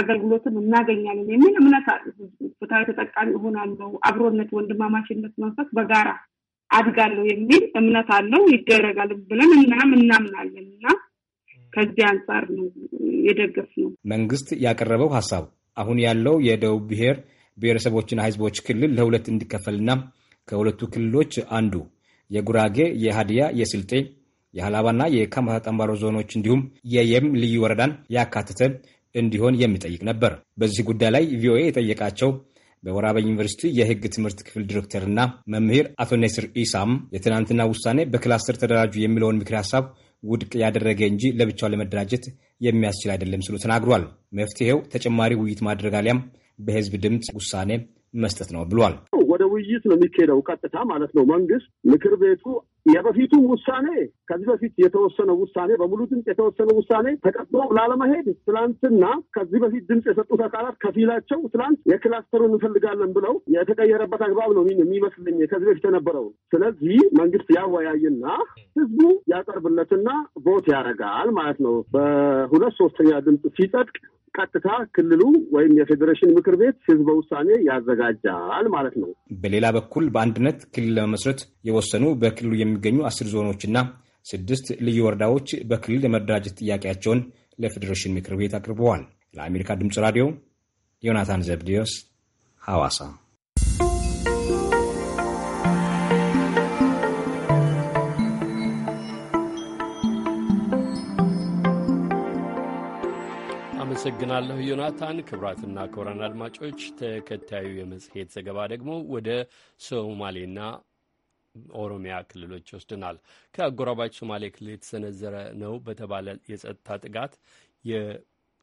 አገልግሎትን እናገኛለን የሚል እምነት አለ። ፍትሐዊ ተጠቃሚ እሆናለሁ፣ አብሮነት፣ ወንድማማችነት መንፈስ በጋራ አድጋለሁ የሚል እምነት አለው። ይደረጋል ብለን እናም እናምናለን እና ከዚህ አንጻር ነው የደገፍ ነው መንግስት ያቀረበው ሀሳብ አሁን ያለው የደቡብ ብሔር ብሔረሰቦችና ህዝቦች ክልል ለሁለት እንዲከፈልና ከሁለቱ ክልሎች አንዱ የጉራጌ፣ የሃዲያ፣ የስልጤ፣ የሃላባና የካማሺ ጠምባሮ ዞኖች እንዲሁም የየም ልዩ ወረዳን ያካተተ እንዲሆን የሚጠይቅ ነበር። በዚህ ጉዳይ ላይ ቪኦኤ የጠየቃቸው በወራቤ ዩኒቨርሲቲ የህግ ትምህርት ክፍል ዲሬክተርና መምህር አቶ ኔስር ኢሳም የትናንትና ውሳኔ በክላስተር ተደራጁ የሚለውን ምክር ሀሳብ ውድቅ ያደረገ እንጂ ለብቻው ለመደራጀት የሚያስችል አይደለም ሲሉ ተናግሯል። መፍትሄው ተጨማሪ ውይይት ማድረግ አሊያም በህዝብ ድምፅ ውሳኔ መስጠት ነው ብሏል። ወደ ውይይት ነው የሚካሄደው ቀጥታ ማለት ነው። መንግስት ምክር ቤቱ የበፊቱ ውሳኔ ከዚህ በፊት የተወሰነ ውሳኔ በሙሉ ድምፅ የተወሰነ ውሳኔ ተቀጥሎ ላለመሄድ ትላንትና ከዚህ በፊት ድምፅ የሰጡት አካላት ከፊላቸው ትላንት የክላስተሩን እንፈልጋለን ብለው የተቀየረበት አግባብ ነው የሚመስልኝ ከዚህ በፊት የነበረው። ስለዚህ መንግስት ያወያይና ህዝቡ ያቀርብለትና ቦት ያደርጋል ማለት ነው። በሁለት ሶስተኛ ድምፅ ሲጸድቅ ቀጥታ ክልሉ ወይም የፌዴሬሽን ምክር ቤት ህዝበ ውሳኔ ያዘጋጃል ማለት ነው። በሌላ በኩል በአንድነት ክልል ለመመስረት የወሰኑ በክልሉ የሚ የሚገኙ አስር ዞኖችና ስድስት ልዩ ወረዳዎች በክልል የመደራጀት ጥያቄያቸውን ለፌዴሬሽን ምክር ቤት አቅርበዋል። ለአሜሪካ ድምፅ ራዲዮ ዮናታን ዘብዲዮስ ሐዋሳ። አመሰግናለሁ ዮናታን። ክብራትና ክቡራን አድማጮች ተከታዩ የመጽሔት ዘገባ ደግሞ ወደ ሶማሌና ኦሮሚያ ክልሎች ይወስድናል። ከአጎራባች ሶማሌ ክልል የተሰነዘረ ነው በተባለ የጸጥታ ጥቃት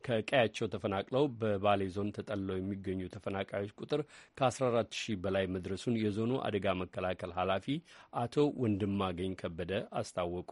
ከቀያቸው ተፈናቅለው በባሌ ዞን ተጠልለው የሚገኙ ተፈናቃዮች ቁጥር ከ14 ሺህ በላይ መድረሱን የዞኑ አደጋ መከላከል ኃላፊ አቶ ወንድማገኝ ከበደ አስታወቁ።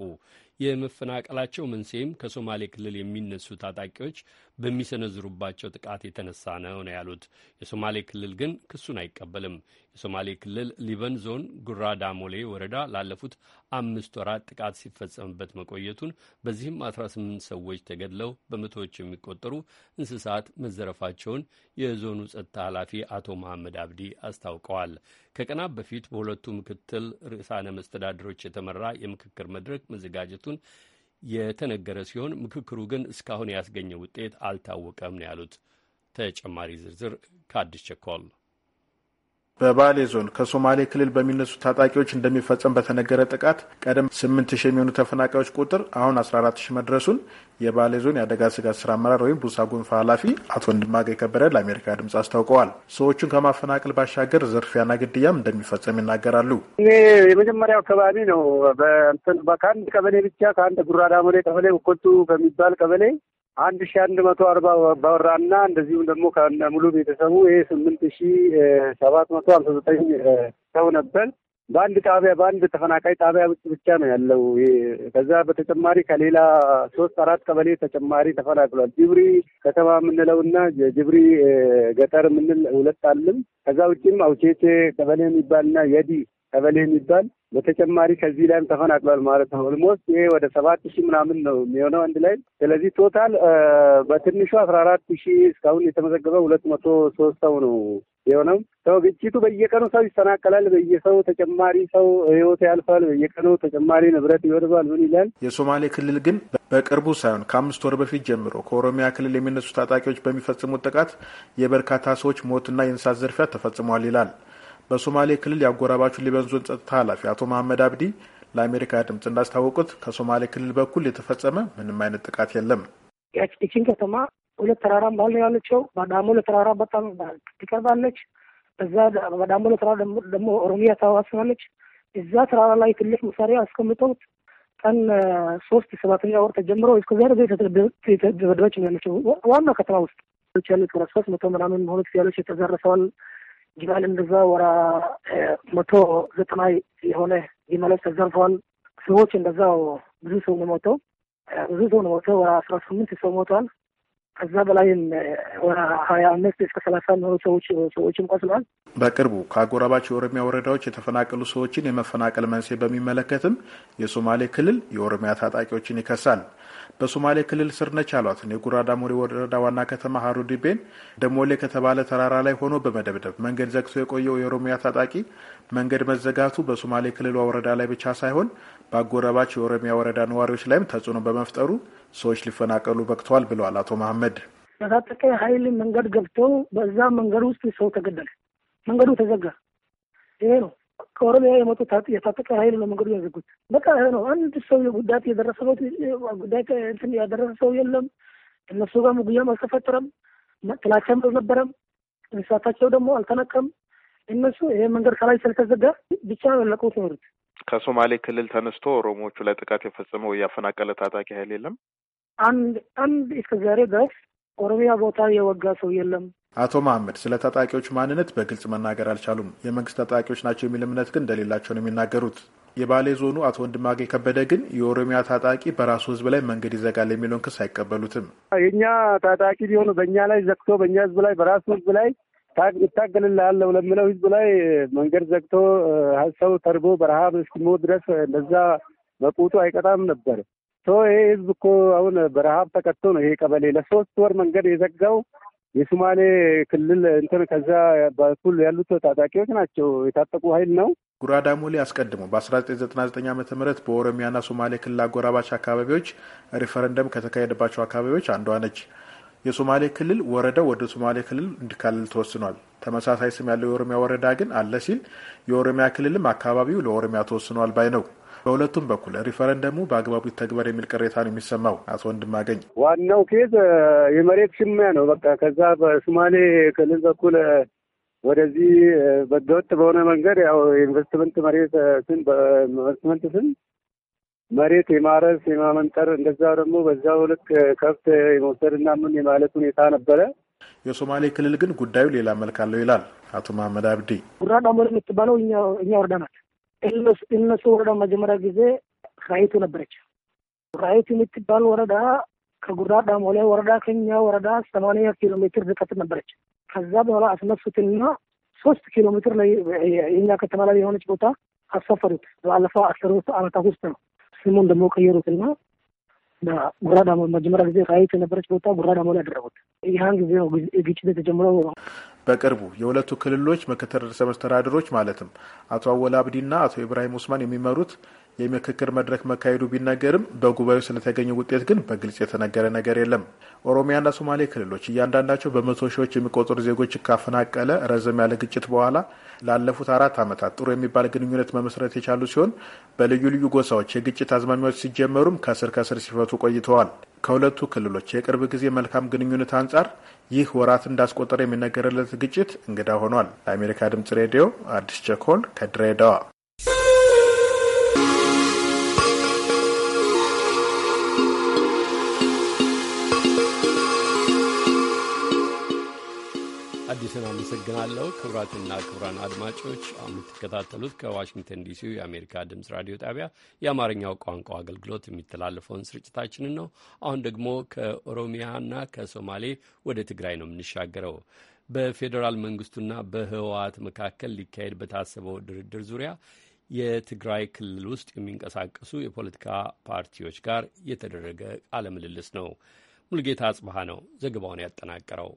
የመፈናቀላቸው መንስኤም ከሶማሌ ክልል የሚነሱ ታጣቂዎች በሚሰነዝሩባቸው ጥቃት የተነሳ ነው ነው ያሉት። የሶማሌ ክልል ግን ክሱን አይቀበልም። የሶማሌ ክልል ሊበን ዞን ጉራ ዳሞሌ ወረዳ ላለፉት አምስት ወራት ጥቃት ሲፈጸምበት መቆየቱን በዚህም 18 ሰዎች ተገድለው በመቶዎች የሚቆጠሩ እንስሳት መዘረፋቸውን የዞኑ ጸጥታ ኃላፊ አቶ መሐመድ አብዲ አስታውቀዋል። ከቀናት በፊት በሁለቱ ምክትል ርዕሳነ መስተዳድሮች የተመራ የምክክር መድረክ መዘጋጀቱን የተነገረ ሲሆን ምክክሩ ግን እስካሁን ያስገኘ ውጤት አልታወቀም ነው ያሉት። ተጨማሪ ዝርዝር ከአዲስ ቸኮል በባሌ ዞን ከሶማሌ ክልል በሚነሱ ታጣቂዎች እንደሚፈጸም በተነገረ ጥቃት ቀደም ስምንት ሺህ የሚሆኑ ተፈናቃዮች ቁጥር አሁን አስራ ሺህ መድረሱን የባሌ ዞን የአደጋ ስጋት ስራ አመራር ወይም ቡሳ ጎንፋ ኃላፊ አቶ ወንድማገኝ የከበረ ለአሜሪካ ድምጽ አስታውቀዋል። ሰዎቹን ከማፈናቀል ባሻገር ዝርፊያና ግድያም እንደሚፈጸም ይናገራሉ። እኔ የመጀመሪያው አካባቢ ነው ከአንድ ቀበሌ ብቻ ከአንድ ጉራዳሞሌ ቀበሌ ኮቱ ከሚባል ቀበሌ አንድ ሺ አንድ መቶ አርባ ባወራና እንደዚሁም ደግሞ ከነ ሙሉ ቤተሰቡ ይሄ ስምንት ሺ ሰባት መቶ ሀምሳ ዘጠኝ ሰው ነበር። በአንድ ጣቢያ በአንድ ተፈናቃይ ጣቢያ ውጭ ብቻ ነው ያለው። ከዛ በተጨማሪ ከሌላ ሶስት አራት ቀበሌ ተጨማሪ ተፈናቅሏል። ጅብሪ ከተማ የምንለውና ጅብሪ ገጠር የምንል ሁለት አልም ከዛ ውጭም አውቼቼ ቀበሌ የሚባልና የዲ ቀበሌ የሚባል በተጨማሪ ከዚህ ላይም ተፈናቅሏል ማለት ነው። ኦልሞስት ይሄ ወደ ሰባት ሺህ ምናምን ነው የሚሆነው አንድ ላይ። ስለዚህ ቶታል በትንሹ አስራ አራት ሺህ እስካሁን የተመዘገበ ሁለት መቶ ሶስት ሰው ነው የሆነው ሰው ግጭቱ በየቀኑ ሰው ይሰናቀላል። በየሰው ተጨማሪ ሰው ህይወት ያልፋል። በየቀኑ ተጨማሪ ንብረት ይወድባል። ምን ይላል? የሶማሌ ክልል ግን በቅርቡ ሳይሆን ከአምስት ወር በፊት ጀምሮ ከኦሮሚያ ክልል የሚነሱ ታጣቂዎች በሚፈጽሙት ጥቃት የበርካታ ሰዎች ሞትና የእንስሳት ዝርፊያ ተፈጽሟል ይላል። በሶማሌ ክልል የአጎራባቹ ሊበን ዞን ጸጥታ ኃላፊ አቶ መሐመድ አብዲ ለአሜሪካ ድምፅ እንዳስታወቁት ከሶማሌ ክልል በኩል የተፈጸመ ምንም አይነት ጥቃት የለም። ይችን ከተማ ሁለት ተራራ ባል ያለችው በዳሞ ለተራራ በጣም ትቀርባለች። እዛ በዳሞ ለተራራ ደግሞ ኦሮሚያ ታዋስናለች። እዛ ተራራ ላይ ትልቅ መሳሪያ አስቀምጠውት ቀን ሶስት ሰባተኛ ወር ተጀምሮ እስከዛሬ የተደበደበች ነው ያለችው ዋና ከተማ ውስጥ ያለች ወደ ሶስት መቶ ምናምን መሆኑ ያለች የተዘረሰዋል ግመል እንደዛ ወራ መቶ ዘጠና የሆነ ግመሎች ተዘርፈዋል። ሰዎች እንደዛው ብዙ ሰው ነው ሞተው ብዙ ሰው ነው ሞተው ወራ አስራ ስምንት ሰው ሞቷል። ከዛ በላይም ሀያ አምስት እስከ ሰላሳ የሚሆኑ ሰዎች ሰዎችም ቆስለዋል። በቅርቡ ከአጎራባች የኦሮሚያ ወረዳዎች የተፈናቀሉ ሰዎችን የመፈናቀል መንስኤ በሚመለከትም የሶማሌ ክልል የኦሮሚያ ታጣቂዎችን ይከሳል። በሶማሌ ክልል ስር ነች ያሏትን የጉራዳሞሪ ወረዳ ዋና ከተማ ሀሩዲቤን ደሞሌ ከተባለ ተራራ ላይ ሆኖ በመደብደብ መንገድ ዘግቶ የቆየው የኦሮሚያ ታጣቂ መንገድ መዘጋቱ በሶማሌ ክልሏ ወረዳ ላይ ብቻ ሳይሆን በአጎራባች የኦሮሚያ ወረዳ ነዋሪዎች ላይም ተጽዕኖ በመፍጠሩ ሰዎች ሊፈናቀሉ በቅተዋል ብለዋል አቶ መሐመድ። የታጠቀ ኃይል መንገድ ገብቶ በዛ መንገድ ውስጥ ሰው ተገደለ። መንገዱ ተዘጋ። ይሄ ነው ከኦሮሚያ የመጡ የታጠቀ ኃይል ነው መንገዱ ያዘጉት። በቃ ይሄ ነው። አንድ ሰው ጉዳት የደረሰበት ጉዳት ያደረሰ ሰው የለም። እነሱ ጋር ሙግያም አልተፈጠረም፣ ጥላቻም አልነበረም። እንስሳታቸው ደግሞ አልተነቀም። እነሱ ይሄ መንገድ ከላይ ስለተዘጋ ብቻ ነው ለቀውት ኖሩት ከሶማሌ ክልል ተነስቶ ኦሮሞዎቹ ላይ ጥቃት የፈጸመው ያፈናቀለ ታጣቂ ኃይል የለም። አንድ አንድ እስከ ዛሬ ድረስ ኦሮሚያ ቦታ የወጋ ሰው የለም። አቶ መሀመድ ስለ ታጣቂዎች ማንነት በግልጽ መናገር አልቻሉም። የመንግስት ታጣቂዎች ናቸው የሚል እምነት ግን እንደሌላቸው ነው የሚናገሩት። የባሌ ዞኑ አቶ ወንድማገኝ ከበደ ግን የኦሮሚያ ታጣቂ በራሱ ህዝብ ላይ መንገድ ይዘጋል የሚለውን ክስ አይቀበሉትም። የእኛ ታጣቂ ቢሆኑ በእኛ ላይ ዘግቶ በእኛ ህዝብ ላይ በራሱ ህዝብ ላይ ይታገልልሃለሁ ለምለው ህዝብ ላይ መንገድ ዘግቶ ሰው ተርቦ በረሃብ እስኪሞት ድረስ እንደዛ መቁጡ አይቀጣም ነበር። ይሄ ህዝብ እኮ አሁን በረሃብ ተቀጥቶ ነው ይሄ ቀበሌ ለሶስት ወር መንገድ የዘጋው የሶማሌ ክልል እንትን ከዛ በኩል ያሉት ታጣቂዎች ናቸው። የታጠቁ ኃይል ነው። ጉራዳ ሞሌ አስቀድሞ በ1999 ዓ ም በኦሮሚያና ሶማሌ ክልል አጎራባች አካባቢዎች ሪፈረንደም ከተካሄደባቸው አካባቢዎች አንዷ ነች። የሶማሌ ክልል ወረዳው ወደ ሶማሌ ክልል እንዲካልል ተወስኗል። ተመሳሳይ ስም ያለው የኦሮሚያ ወረዳ ግን አለ ሲል የኦሮሚያ ክልልም አካባቢው ለኦሮሚያ ተወስኗል ባይ ነው። በሁለቱም በኩል ሪፈረንደሙ በአግባቡ ይተግበር የሚል ቅሬታ ነው የሚሰማው። አቶ ወንድማገኝ ዋናው ኬዝ የመሬት ሽሚያ ነው። በቃ ከዛ በሶማሌ ክልል በኩል ወደዚህ በህገወጥ በሆነ መንገድ ያው ኢንቨስትመንት መሬት ስን በኢንቨስትመንት ስን መሬት የማረስ የማመንጠር እንደዛ ደግሞ በዛው ልክ ከብት የመውሰድና ምን የማለት ሁኔታ ነበረ። የሶማሌ ክልል ግን ጉዳዩ ሌላ መልክ አለው ይላል አቶ መሀመድ አብዲ። ጉራ ዳሞር የምትባለው እኛ ወረዳ ናት። እነሱ ወረዳ መጀመሪያ ጊዜ ራይቱ ነበረች። ራይቱ የምትባል ወረዳ ከጉራ ዳሞሌ ወረዳ ከኛ ወረዳ ሰማንያ ኪሎ ሜትር ርቀት ነበረች። ከዛ በኋላ አስነሱትና ሶስት ኪሎ ሜትር የኛ ከተማ ላይ የሆነች ቦታ አሰፈሩት። ባለፈው አስር አመታት ውስጥ ነው ስሙን ደግሞ ቀየሩትና ጉራ ዳሞ መጀመሪያ ጊዜ ራይት የነበረች ቦታ ጉራ ዳሞ ላይ ያደረጉት ይህን ጊዜ ነው ግጭት የተጀመረው። በቅርቡ የሁለቱ ክልሎች ምክትል ርዕሰ መስተዳድሮች ማለትም አቶ አወል አብዲና አቶ ኢብራሂም ኡስማን የሚመሩት የምክክር መድረክ መካሄዱ ቢነገርም በጉባኤው ስለተገኘ ውጤት ግን በግልጽ የተነገረ ነገር የለም። ኦሮሚያና ሶማሌ ክልሎች እያንዳንዳቸው በመቶ ሺዎች የሚቆጠሩ ዜጎች ካፈናቀለ ረዘም ያለ ግጭት በኋላ ላለፉት አራት ዓመታት ጥሩ የሚባል ግንኙነት መመስረት የቻሉ ሲሆን በልዩ ልዩ ጎሳዎች የግጭት አዝማሚያዎች ሲጀመሩም ከስር ከስር ሲፈቱ ቆይተዋል። ከሁለቱ ክልሎች የቅርብ ጊዜ መልካም ግንኙነት አንጻር ይህ ወራት እንዳስቆጠረ የሚነገርለት ግጭት እንግዳ ሆኗል። ለአሜሪካ ድምጽ ሬዲዮ አዲስ ቸኮል ከድሬዳዋ ሞገስን አመሰግናለሁ። ክቡራትና ክቡራን አድማጮች የምትከታተሉት ከዋሽንግተን ዲሲ የአሜሪካ ድምፅ ራዲዮ ጣቢያ የአማርኛው ቋንቋ አገልግሎት የሚተላለፈውን ስርጭታችንን ነው። አሁን ደግሞ ከኦሮሚያና ከሶማሌ ወደ ትግራይ ነው የምንሻገረው። በፌዴራል መንግስቱና በህወሓት መካከል ሊካሄድ በታሰበው ድርድር ዙሪያ የትግራይ ክልል ውስጥ የሚንቀሳቀሱ የፖለቲካ ፓርቲዎች ጋር የተደረገ ቃለ ምልልስ ነው። ሙልጌታ አጽብሃ ነው ዘገባውን ያጠናቀረው።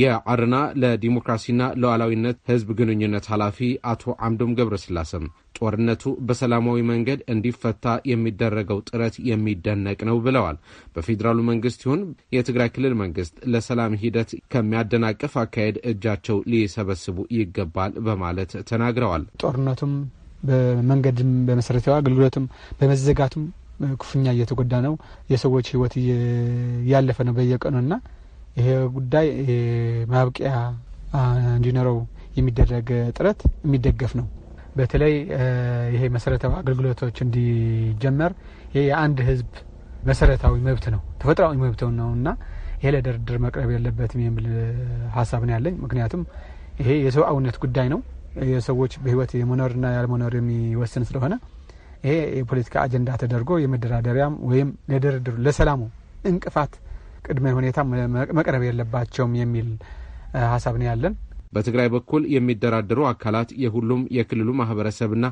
የአረና ለዲሞክራሲና ለዋላዊነት ህዝብ ግንኙነት ኃላፊ አቶ አምዶም ስላሰም ጦርነቱ በሰላማዊ መንገድ እንዲፈታ የሚደረገው ጥረት የሚደነቅ ነው ብለዋል። በፌዴራሉ መንግስት ይሁን የትግራይ ክልል መንግስት ለሰላም ሂደት ከሚያደናቅፍ አካሄድ እጃቸው ሊሰበስቡ ይገባል በማለት ተናግረዋል። ጦርነቱም በመንገድም በመሰረታዊ አገልግሎትም በመዘጋቱም ክፉኛ እየተጎዳ ነው። የሰዎች ህይወት እያለፈ ነው በየቀኑ እና። ይሄ ጉዳይ ማብቂያ እንዲኖረው የሚደረግ ጥረት የሚደገፍ ነው። በተለይ ይሄ መሰረታዊ አገልግሎቶች እንዲጀመር ይሄ የአንድ ህዝብ መሰረታዊ መብት ነው፣ ተፈጥሯዊ መብት ነው እና ይሄ ለድርድር መቅረብ የለበትም የሚል ሀሳብ ነው ያለኝ። ምክንያቱም ይሄ የሰብአዊነት ጉዳይ ነው። የሰዎች በህይወት የመኖርና ያለመኖር የሚወስን ስለሆነ ይሄ የፖለቲካ አጀንዳ ተደርጎ የመደራደሪያም ወይም ለድርድሩ ለሰላሙ እንቅፋት ቅድመ ሁኔታ መቅረብ የለባቸውም የሚል ሀሳብ ነው ያለን። በትግራይ በኩል የሚደራደሩ አካላት የሁሉም የክልሉ ማህበረሰብና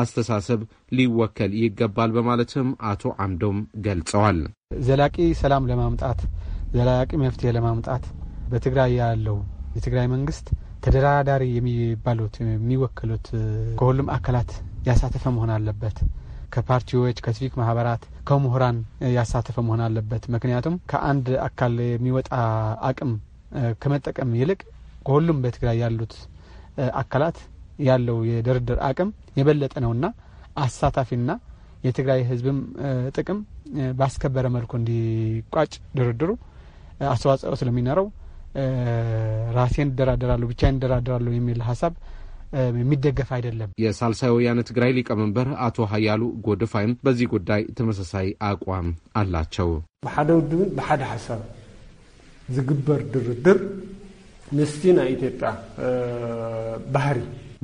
አስተሳሰብ ሊወከል ይገባል በማለትም አቶ አምዶም ገልጸዋል። ዘላቂ ሰላም ለማምጣት ዘላቂ መፍትሄ ለማምጣት በትግራይ ያለው የትግራይ መንግስት ተደራዳሪ የሚባሉት የሚወክሉት ከሁሉም አካላት ያሳተፈ መሆን አለበት። ከፓርቲዎች፣ ከሲቪክ ማህበራት፣ ከምሁራን ያሳተፈ መሆን አለበት። ምክንያቱም ከአንድ አካል የሚወጣ አቅም ከመጠቀም ይልቅ ሁሉም በትግራይ ያሉት አካላት ያለው የድርድር አቅም የበለጠ ነውና አሳታፊና የትግራይ ህዝብም ጥቅም ባስከበረ መልኩ እንዲቋጭ ድርድሩ አስተዋጽኦ ስለሚኖረው ራሴን እደራደራለሁ ብቻዬን እደራደራለሁ የሚል ሀሳብ የሚደገፍ አይደለም። የሳልሳይ ወያነ ትግራይ ሊቀመንበር አቶ ሀያሉ ጎደፋይም በዚህ ጉዳይ ተመሳሳይ አቋም አላቸው። ብሓደ ውድብን ብሓደ ሓሳብ ዝግበር ድርድር ምስቲ ናይ ኢትዮጵያ ባህሪ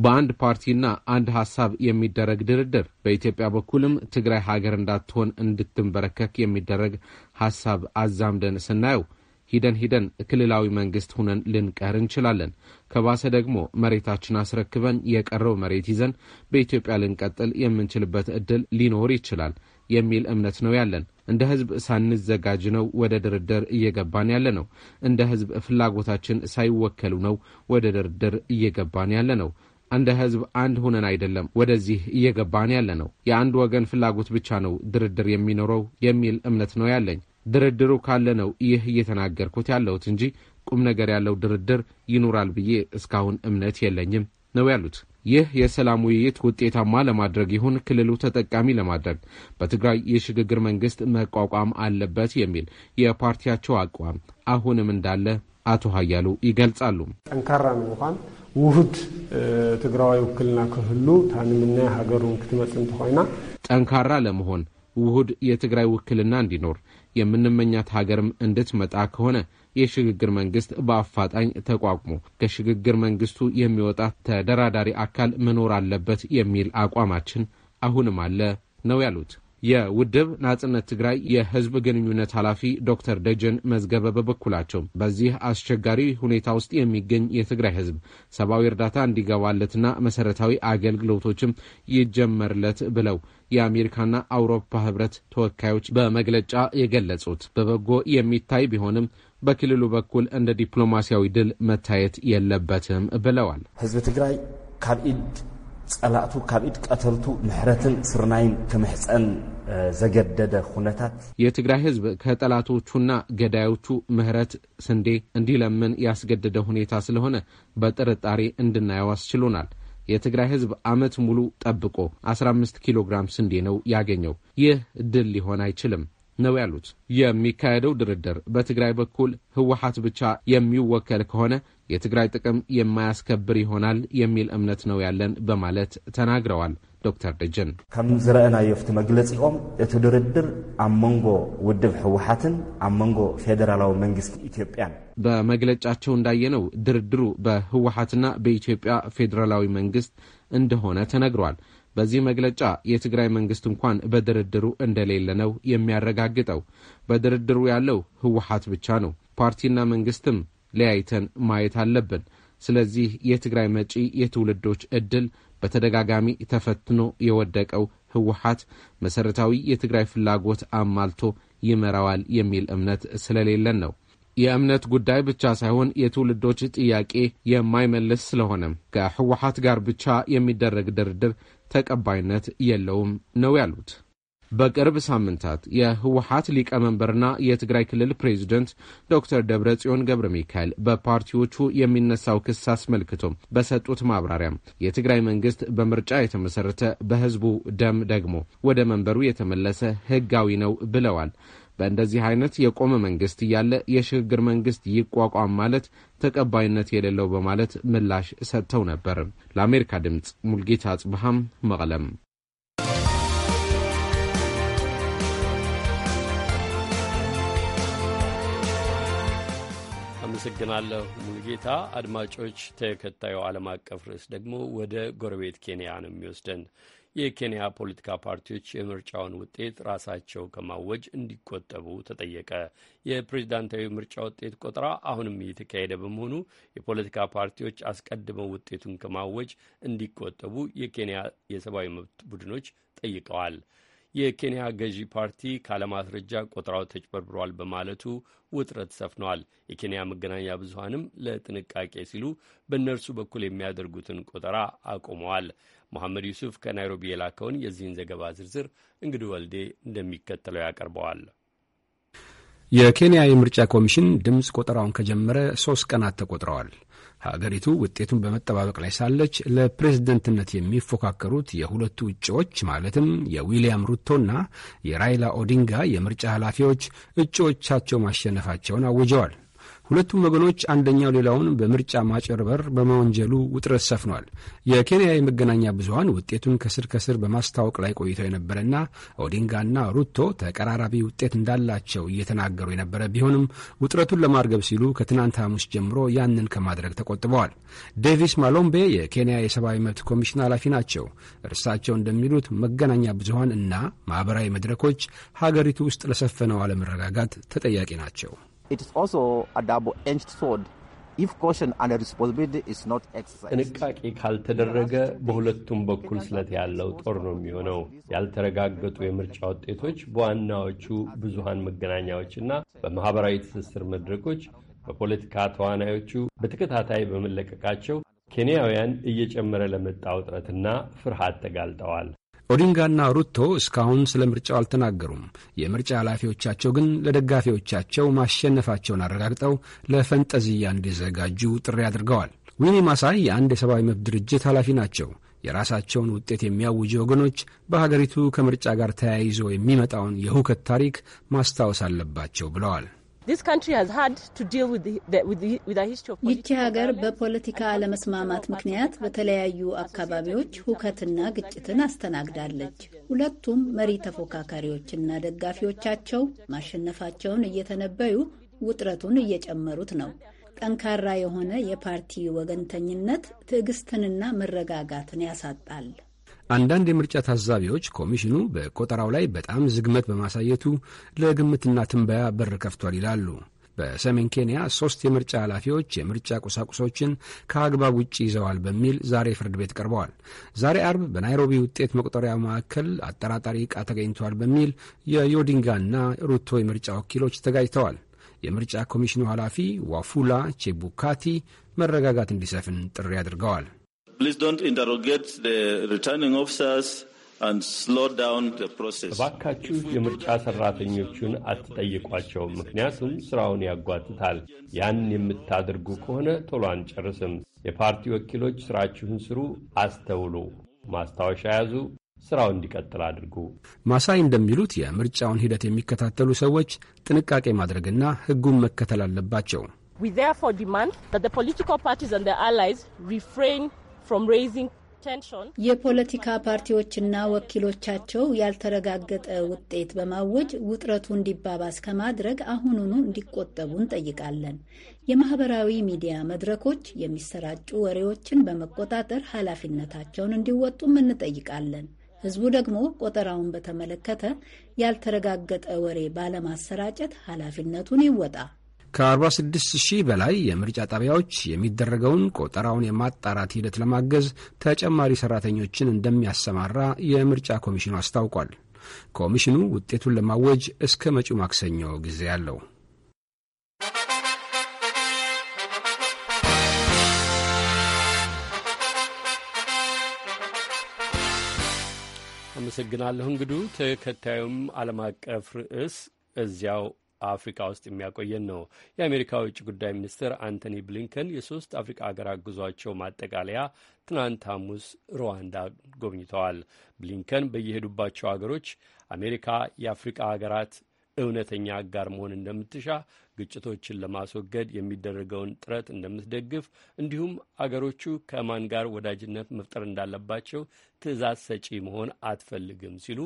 በአንድ ፓርቲና አንድ ሀሳብ የሚደረግ ድርድር በኢትዮጵያ በኩልም ትግራይ ሀገር እንዳትሆን እንድትንበረከክ የሚደረግ ሀሳብ አዛምደን ስናየው ሂደን ሂደን ክልላዊ መንግስት ሁነን ልንቀር እንችላለን። ከባሰ ደግሞ መሬታችን አስረክበን የቀረው መሬት ይዘን በኢትዮጵያ ልንቀጥል የምንችልበት እድል ሊኖር ይችላል የሚል እምነት ነው ያለን። እንደ ህዝብ ሳንዘጋጅ ነው ወደ ድርድር እየገባን ያለ ነው። እንደ ህዝብ ፍላጎታችን ሳይወከሉ ነው ወደ ድርድር እየገባን ያለ ነው። እንደ ህዝብ አንድ ሆነን አይደለም ወደዚህ እየገባን ያለ ነው። የአንድ ወገን ፍላጎት ብቻ ነው ድርድር የሚኖረው የሚል እምነት ነው ያለኝ። ድርድሩ ካለ ነው ይህ እየተናገርኩት ያለሁት እንጂ ቁም ነገር ያለው ድርድር ይኖራል ብዬ እስካሁን እምነት የለኝም ነው ያሉት። ይህ የሰላም ውይይት ውጤታማ ለማድረግ ይሁን ክልሉ ተጠቃሚ ለማድረግ በትግራይ የሽግግር መንግስት መቋቋም አለበት የሚል የፓርቲያቸው አቋም አሁንም እንዳለ አቶ ሀያሉ ይገልጻሉ። ጠንካራ ምኳን ውሁድ ትግራዋይ ውክልና ክህሉ ታንምና ሀገሩን ክትመጽ እንተኮይና ጠንካራ ለመሆን ውሁድ የትግራይ ውክልና እንዲኖር የምንመኛት ሀገርም እንድትመጣ ከሆነ የሽግግር መንግስት በአፋጣኝ ተቋቁሞ ከሽግግር መንግስቱ የሚወጣ ተደራዳሪ አካል መኖር አለበት የሚል አቋማችን አሁንም አለ ነው ያሉት የውድብ ናጽነት ትግራይ የህዝብ ግንኙነት ኃላፊ ዶክተር ደጀን መዝገበ በበኩላቸው በዚህ አስቸጋሪ ሁኔታ ውስጥ የሚገኝ የትግራይ ህዝብ ሰብአዊ እርዳታ እንዲገባለትና መሰረታዊ አገልግሎቶችም ይጀመርለት ብለው የአሜሪካና አውሮፓ ህብረት ተወካዮች በመግለጫ የገለጹት በበጎ የሚታይ ቢሆንም በክልሉ በኩል እንደ ዲፕሎማሲያዊ ድል መታየት የለበትም ብለዋል። ህዝብ ትግራይ ካልኢድ ጸላእቱ ካብ ኢድ ቀተልቱ ምሕረትን ስርናይን ክምሕፀን ዘገደደ ኩነታት የትግራይ ህዝብ ከጠላቶቹና ገዳዮቹ ምህረት ስንዴ እንዲለምን ያስገደደ ሁኔታ ስለሆነ በጥርጣሬ እንድናየው አስችሎናል። የትግራይ ህዝብ አመት ሙሉ ጠብቆ 15 ኪሎ ግራም ስንዴ ነው ያገኘው። ይህ ድል ሊሆን አይችልም ነው ያሉት። የሚካሄደው ድርድር በትግራይ በኩል ህወሓት ብቻ የሚወከል ከሆነ የትግራይ ጥቅም የማያስከብር ይሆናል የሚል እምነት ነው ያለን በማለት ተናግረዋል። ዶክተር ደጀን ከም ዝረአናዮ ኣብቲ መግለጺኦም እቲ ድርድር ኣብ መንጎ ውድብ ህወሓትን ኣብ መንጎ ፌደራላዊ መንግስቲ ኢትዮጵያን በመግለጫቸው እንዳየነው ድርድሩ በህወሓትና በኢትዮጵያ ፌዴራላዊ መንግስት እንደሆነ ተነግሯል። በዚህ መግለጫ የትግራይ መንግስት እንኳን በድርድሩ እንደሌለ ነው የሚያረጋግጠው። በድርድሩ ያለው ህወሓት ብቻ ነው። ፓርቲና መንግስትም ለያይተን ማየት አለብን። ስለዚህ የትግራይ መጪ የትውልዶች እድል በተደጋጋሚ ተፈትኖ የወደቀው ህወሓት መሠረታዊ የትግራይ ፍላጎት አማልቶ ይመራዋል የሚል እምነት ስለሌለን ነው። የእምነት ጉዳይ ብቻ ሳይሆን የትውልዶች ጥያቄ የማይመልስ ስለሆነም ከህወሓት ጋር ብቻ የሚደረግ ድርድር ተቀባይነት የለውም ነው ያሉት። በቅርብ ሳምንታት የህወሀት ሊቀመንበርና የትግራይ ክልል ፕሬዚደንት ዶክተር ደብረ ጽዮን ገብረ ሚካኤል በፓርቲዎቹ የሚነሳው ክስ አስመልክቶ በሰጡት ማብራሪያም የትግራይ መንግስት በምርጫ የተመሰረተ በህዝቡ ደም ደግሞ ወደ መንበሩ የተመለሰ ህጋዊ ነው ብለዋል። በእንደዚህ አይነት የቆመ መንግስት እያለ የሽግግር መንግስት ይቋቋም ማለት ተቀባይነት የሌለው በማለት ምላሽ ሰጥተው ነበር። ለአሜሪካ ድምፅ ሙልጌታ አጽብሃም መቀለም አመሰግናለሁ ሙሉጌታ። አድማጮች፣ ተከታዩ ዓለም አቀፍ ርዕስ ደግሞ ወደ ጎረቤት ኬንያ ነው የሚወስደን። የኬንያ ፖለቲካ ፓርቲዎች የምርጫውን ውጤት ራሳቸው ከማወጅ እንዲቆጠቡ ተጠየቀ። የፕሬዝዳንታዊ ምርጫ ውጤት ቆጠራ አሁንም እየተካሄደ በመሆኑ የፖለቲካ ፓርቲዎች አስቀድመው ውጤቱን ከማወጅ እንዲቆጠቡ የኬንያ የሰብአዊ መብት ቡድኖች ጠይቀዋል። የኬንያ ገዢ ፓርቲ ካለማስረጃ ቆጠራው ተጭበርብሯል በማለቱ ውጥረት ሰፍነዋል። የኬንያ መገናኛ ብዙሀንም ለጥንቃቄ ሲሉ በእነርሱ በኩል የሚያደርጉትን ቆጠራ አቁመዋል። መሐመድ ዩሱፍ ከናይሮቢ የላከውን የዚህን ዘገባ ዝርዝር እንግዲህ ወልዴ እንደሚከተለው ያቀርበዋል። የኬንያ የምርጫ ኮሚሽን ድምፅ ቆጠራውን ከጀመረ ሶስት ቀናት ተቆጥረዋል። ሀገሪቱ ውጤቱን በመጠባበቅ ላይ ሳለች ለፕሬዝደንትነት የሚፎካከሩት የሁለቱ እጩዎች ማለትም የዊልያም ሩቶና የራይላ ኦዲንጋ የምርጫ ኃላፊዎች እጩዎቻቸው ማሸነፋቸውን አውጀዋል። ሁለቱም ወገኖች አንደኛው ሌላውን በምርጫ ማጭበርበር በመወንጀሉ ውጥረት ሰፍኗል። የኬንያ የመገናኛ ብዙሀን ውጤቱን ከስር ከስር በማስታወቅ ላይ ቆይተው የነበረና ኦዲንጋና ሩቶ ተቀራራቢ ውጤት እንዳላቸው እየተናገሩ የነበረ ቢሆንም ውጥረቱን ለማርገብ ሲሉ ከትናንት ሐሙስ ጀምሮ ያንን ከማድረግ ተቆጥበዋል። ዴቪስ ማሎምቤ የኬንያ የሰብአዊ መብት ኮሚሽን ኃላፊ ናቸው። እርሳቸው እንደሚሉት መገናኛ ብዙሀን እና ማኅበራዊ መድረኮች ሀገሪቱ ውስጥ ለሰፈነው አለመረጋጋት ተጠያቂ ናቸው። ጥንቃቄ ካልተደረገ በሁለቱም በኩል ስለት ያለው ጦር ነው የሚሆነው። ያልተረጋገጡ የምርጫ ውጤቶች በዋናዎቹ ብዙሃን መገናኛዎችና በማኅበራዊ ትስስር መድረኮች በፖለቲካ ተዋናዮቹ በተከታታይ በመለቀቃቸው ኬንያውያን እየጨመረ ለመጣ ውጥረትና ፍርሃት ተጋልጠዋል። ኦዲንጋና ሩቶ እስካሁን ስለ ምርጫው አልተናገሩም። የምርጫ ኃላፊዎቻቸው ግን ለደጋፊዎቻቸው ማሸነፋቸውን አረጋግጠው ለፈንጠዝያ እንዲዘጋጁ ጥሪ አድርገዋል። ዊኒ ማሳይ የአንድ የሰብአዊ መብት ድርጅት ኃላፊ ናቸው። የራሳቸውን ውጤት የሚያውጁ ወገኖች በሀገሪቱ ከምርጫ ጋር ተያይዞ የሚመጣውን የሁከት ታሪክ ማስታወስ አለባቸው ብለዋል። ይቺ ሀገር በፖለቲካ አለመስማማት ምክንያት በተለያዩ አካባቢዎች ሁከትና ግጭትን አስተናግዳለች። ሁለቱም መሪ ተፎካካሪዎችና ደጋፊዎቻቸው ማሸነፋቸውን እየተነበዩ ውጥረቱን እየጨመሩት ነው። ጠንካራ የሆነ የፓርቲ ወገንተኝነት ትዕግስትንና መረጋጋትን ያሳጣል። አንዳንድ የምርጫ ታዛቢዎች ኮሚሽኑ በቆጠራው ላይ በጣም ዝግመት በማሳየቱ ለግምትና ትንበያ በር ከፍቷል ይላሉ። በሰሜን ኬንያ ሶስት የምርጫ ኃላፊዎች የምርጫ ቁሳቁሶችን ከአግባብ ውጭ ይዘዋል በሚል ዛሬ ፍርድ ቤት ቀርበዋል። ዛሬ አርብ በናይሮቢ ውጤት መቁጠሪያ ማዕከል አጠራጣሪ ዕቃ ተገኝተዋል በሚል የዮዲንጋና ሩቶ የምርጫ ወኪሎች ተጋጅተዋል። የምርጫ ኮሚሽኑ ኃላፊ ዋፉላ ቼቡካቲ መረጋጋት እንዲሰፍን ጥሪ አድርገዋል። Please don't interrogate the the returning officers and slow down process. እባካችሁ የምርጫ ሰራተኞቹን አትጠይቋቸው፣ ምክንያቱም ስራውን ያጓትታል። ያን የምታደርጉ ከሆነ ቶሎ አንጨርስም። የፓርቲ ወኪሎች ስራችሁን ስሩ፣ አስተውሉ፣ ማስታወሻ ያዙ፣ ስራው እንዲቀጥል አድርጉ። ማሳይ እንደሚሉት የምርጫውን ሂደት የሚከታተሉ ሰዎች ጥንቃቄ ማድረግና ህጉን መከተል አለባቸው። We therefore demand that the political parties and their allies refrain የፖለቲካ ፓርቲዎችና ወኪሎቻቸው ያልተረጋገጠ ውጤት በማወጅ ውጥረቱ እንዲባባስ ከማድረግ አሁኑኑ እንዲቆጠቡ እንጠይቃለን። የማህበራዊ ሚዲያ መድረኮች የሚሰራጩ ወሬዎችን በመቆጣጠር ኃላፊነታቸውን እንዲወጡም እንጠይቃለን። ህዝቡ ደግሞ ቆጠራውን በተመለከተ ያልተረጋገጠ ወሬ ባለማሰራጨት ኃላፊነቱን ይወጣ። ከ46ሺህ በላይ የምርጫ ጣቢያዎች የሚደረገውን ቆጠራውን የማጣራት ሂደት ለማገዝ ተጨማሪ ሰራተኞችን እንደሚያሰማራ የምርጫ ኮሚሽኑ አስታውቋል። ኮሚሽኑ ውጤቱን ለማወጅ እስከ መጪው ማክሰኞ ጊዜ አለው። አመሰግናለሁ እንግዱ። ተከታዩም ዓለም አቀፍ ርዕስ እዚያው አፍሪካ ውስጥ የሚያቆየን ነው። የአሜሪካ የውጭ ጉዳይ ሚኒስትር አንቶኒ ብሊንከን የሶስት አፍሪካ ሀገራት ጉዟቸው ማጠቃለያ ትናንት ሐሙስ ሩዋንዳ ጎብኝተዋል። ብሊንከን በየሄዱባቸው ሀገሮች አሜሪካ የአፍሪካ ሀገራት እውነተኛ አጋር መሆን እንደምትሻ፣ ግጭቶችን ለማስወገድ የሚደረገውን ጥረት እንደምትደግፍ፣ እንዲሁም አገሮቹ ከማን ጋር ወዳጅነት መፍጠር እንዳለባቸው ትዕዛዝ ሰጪ መሆን አትፈልግም ሲሉ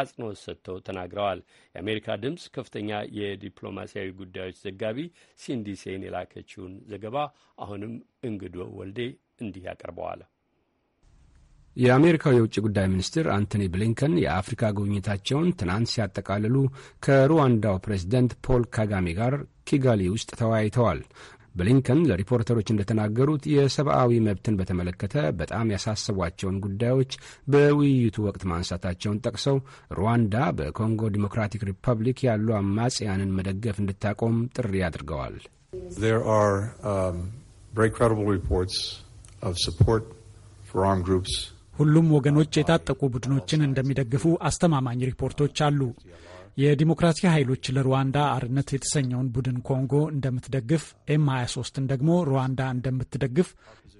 አጽንኦት ሰጥተው ተናግረዋል። የአሜሪካ ድምፅ ከፍተኛ የዲፕሎማሲያዊ ጉዳዮች ዘጋቢ ሲንዲ ሴን የላከችውን ዘገባ አሁንም እንግዶ ወልዴ እንዲህ ያቀርበዋል። የአሜሪካው የውጭ ጉዳይ ሚኒስትር አንቶኒ ብሊንከን የአፍሪካ ጉብኝታቸውን ትናንት ሲያጠቃልሉ ከሩዋንዳው ፕሬዝደንት ፖል ካጋሜ ጋር ኪጋሊ ውስጥ ተወያይተዋል። ብሊንከን ለሪፖርተሮች እንደተናገሩት የሰብአዊ መብትን በተመለከተ በጣም ያሳሰቧቸውን ጉዳዮች በውይይቱ ወቅት ማንሳታቸውን ጠቅሰው ሩዋንዳ በኮንጎ ዲሞክራቲክ ሪፐብሊክ ያሉ አማጽያንን መደገፍ እንድታቆም ጥሪ አድርገዋል። ሪፖርትስ ሁሉም ወገኖች የታጠቁ ቡድኖችን እንደሚደግፉ አስተማማኝ ሪፖርቶች አሉ። የዲሞክራሲ ኃይሎች ለሩዋንዳ አርነት የተሰኘውን ቡድን ኮንጎ እንደምትደግፍ፣ ኤም 23ን ደግሞ ሩዋንዳ እንደምትደግፍ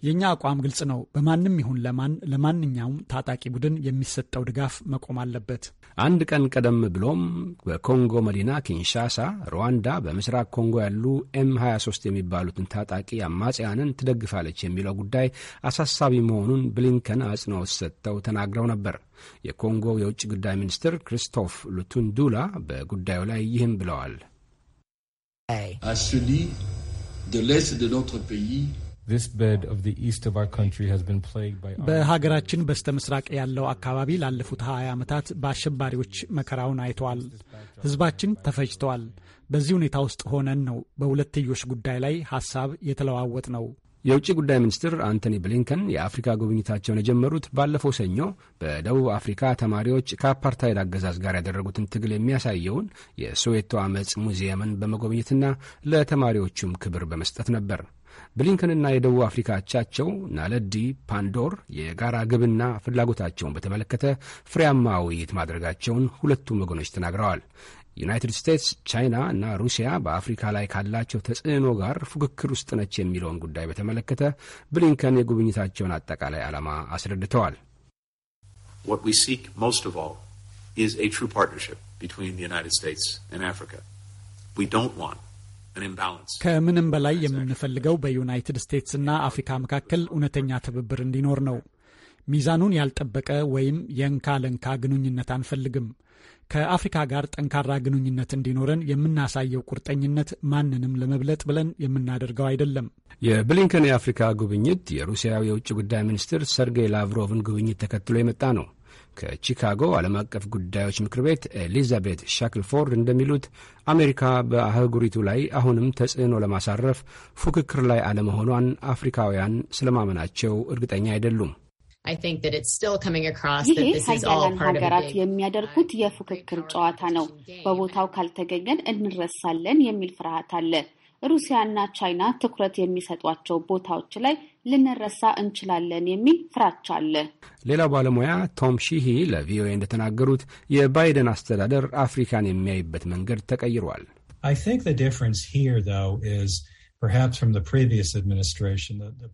የእኛ አቋም ግልጽ ነው። በማንም ይሁን ለማን ለማንኛውም ታጣቂ ቡድን የሚሰጠው ድጋፍ መቆም አለበት። አንድ ቀን ቀደም ብሎም በኮንጎ መዲና ኪንሻሳ ሩዋንዳ በምስራቅ ኮንጎ ያሉ ኤም 23 የሚባሉትን ታጣቂ አማጽያንን ትደግፋለች የሚለው ጉዳይ አሳሳቢ መሆኑን ብሊንከን አጽንኦት ሰጥተው ተናግረው ነበር። የኮንጎ የውጭ ጉዳይ ሚኒስትር ክሪስቶፍ ሉቱንዱላ በጉዳዩ ላይ ይህም ብለዋል። በሀገራችን በስተ ምስራቅ ያለው አካባቢ ላለፉት 20 ዓመታት በአሸባሪዎች መከራውን አይተዋል። ሕዝባችን ተፈጅተዋል። በዚህ ሁኔታ ውስጥ ሆነን ነው በሁለትዮሽ ጉዳይ ላይ ሐሳብ የተለዋወጥ ነው። የውጭ ጉዳይ ሚኒስትር አንቶኒ ብሊንከን የአፍሪካ ጉብኝታቸውን የጀመሩት ባለፈው ሰኞ በደቡብ አፍሪካ ተማሪዎች ከአፓርታይድ አገዛዝ ጋር ያደረጉትን ትግል የሚያሳየውን የሶዌቶ አመፅ ሙዚየምን በመጎብኘትና ለተማሪዎቹም ክብር በመስጠት ነበር። ብሊንከንና የደቡብ አፍሪካ አቻቸው ናለዲ ፓንዶር የጋራ ግብና ፍላጎታቸውን በተመለከተ ፍሬያማ ውይይት ማድረጋቸውን ሁለቱም ወገኖች ተናግረዋል። ዩናይትድ ስቴትስ፣ ቻይና እና ሩሲያ በአፍሪካ ላይ ካላቸው ተጽዕኖ ጋር ፉክክር ውስጥ ነች የሚለውን ጉዳይ በተመለከተ ብሊንከን የጉብኝታቸውን አጠቃላይ ዓላማ አስረድተዋል። ከምንም በላይ የምንፈልገው በዩናይትድ ስቴትስ እና አፍሪካ መካከል እውነተኛ ትብብር እንዲኖር ነው። ሚዛኑን ያልጠበቀ ወይም የእንካ ለንካ ግንኙነት አንፈልግም። ከአፍሪካ ጋር ጠንካራ ግንኙነት እንዲኖረን የምናሳየው ቁርጠኝነት ማንንም ለመብለጥ ብለን የምናደርገው አይደለም። የብሊንከን የአፍሪካ ጉብኝት የሩሲያው የውጭ ጉዳይ ሚኒስትር ሰርጌይ ላቭሮቭን ጉብኝት ተከትሎ የመጣ ነው። ከቺካጎ ዓለም አቀፍ ጉዳዮች ምክር ቤት ኤሊዛቤት ሻክልፎርድ እንደሚሉት አሜሪካ በአህጉሪቱ ላይ አሁንም ተጽዕኖ ለማሳረፍ ፉክክር ላይ አለመሆኗን አፍሪካውያን ስለማመናቸው እርግጠኛ አይደሉም። ይሄ ሀያላን ሀገራት የሚያደርጉት የፉክክር ጨዋታ ነው። በቦታው ካልተገኘን እንረሳለን የሚል ፍርሃት አለ። ሩሲያና ቻይና ትኩረት የሚሰጧቸው ቦታዎች ላይ ልንረሳ እንችላለን የሚል ፍራቻ አለ። ሌላው ባለሙያ ቶም ሺሂ ለቪኦኤ እንደተናገሩት የባይደን አስተዳደር አፍሪካን የሚያይበት መንገድ ተቀይሯል።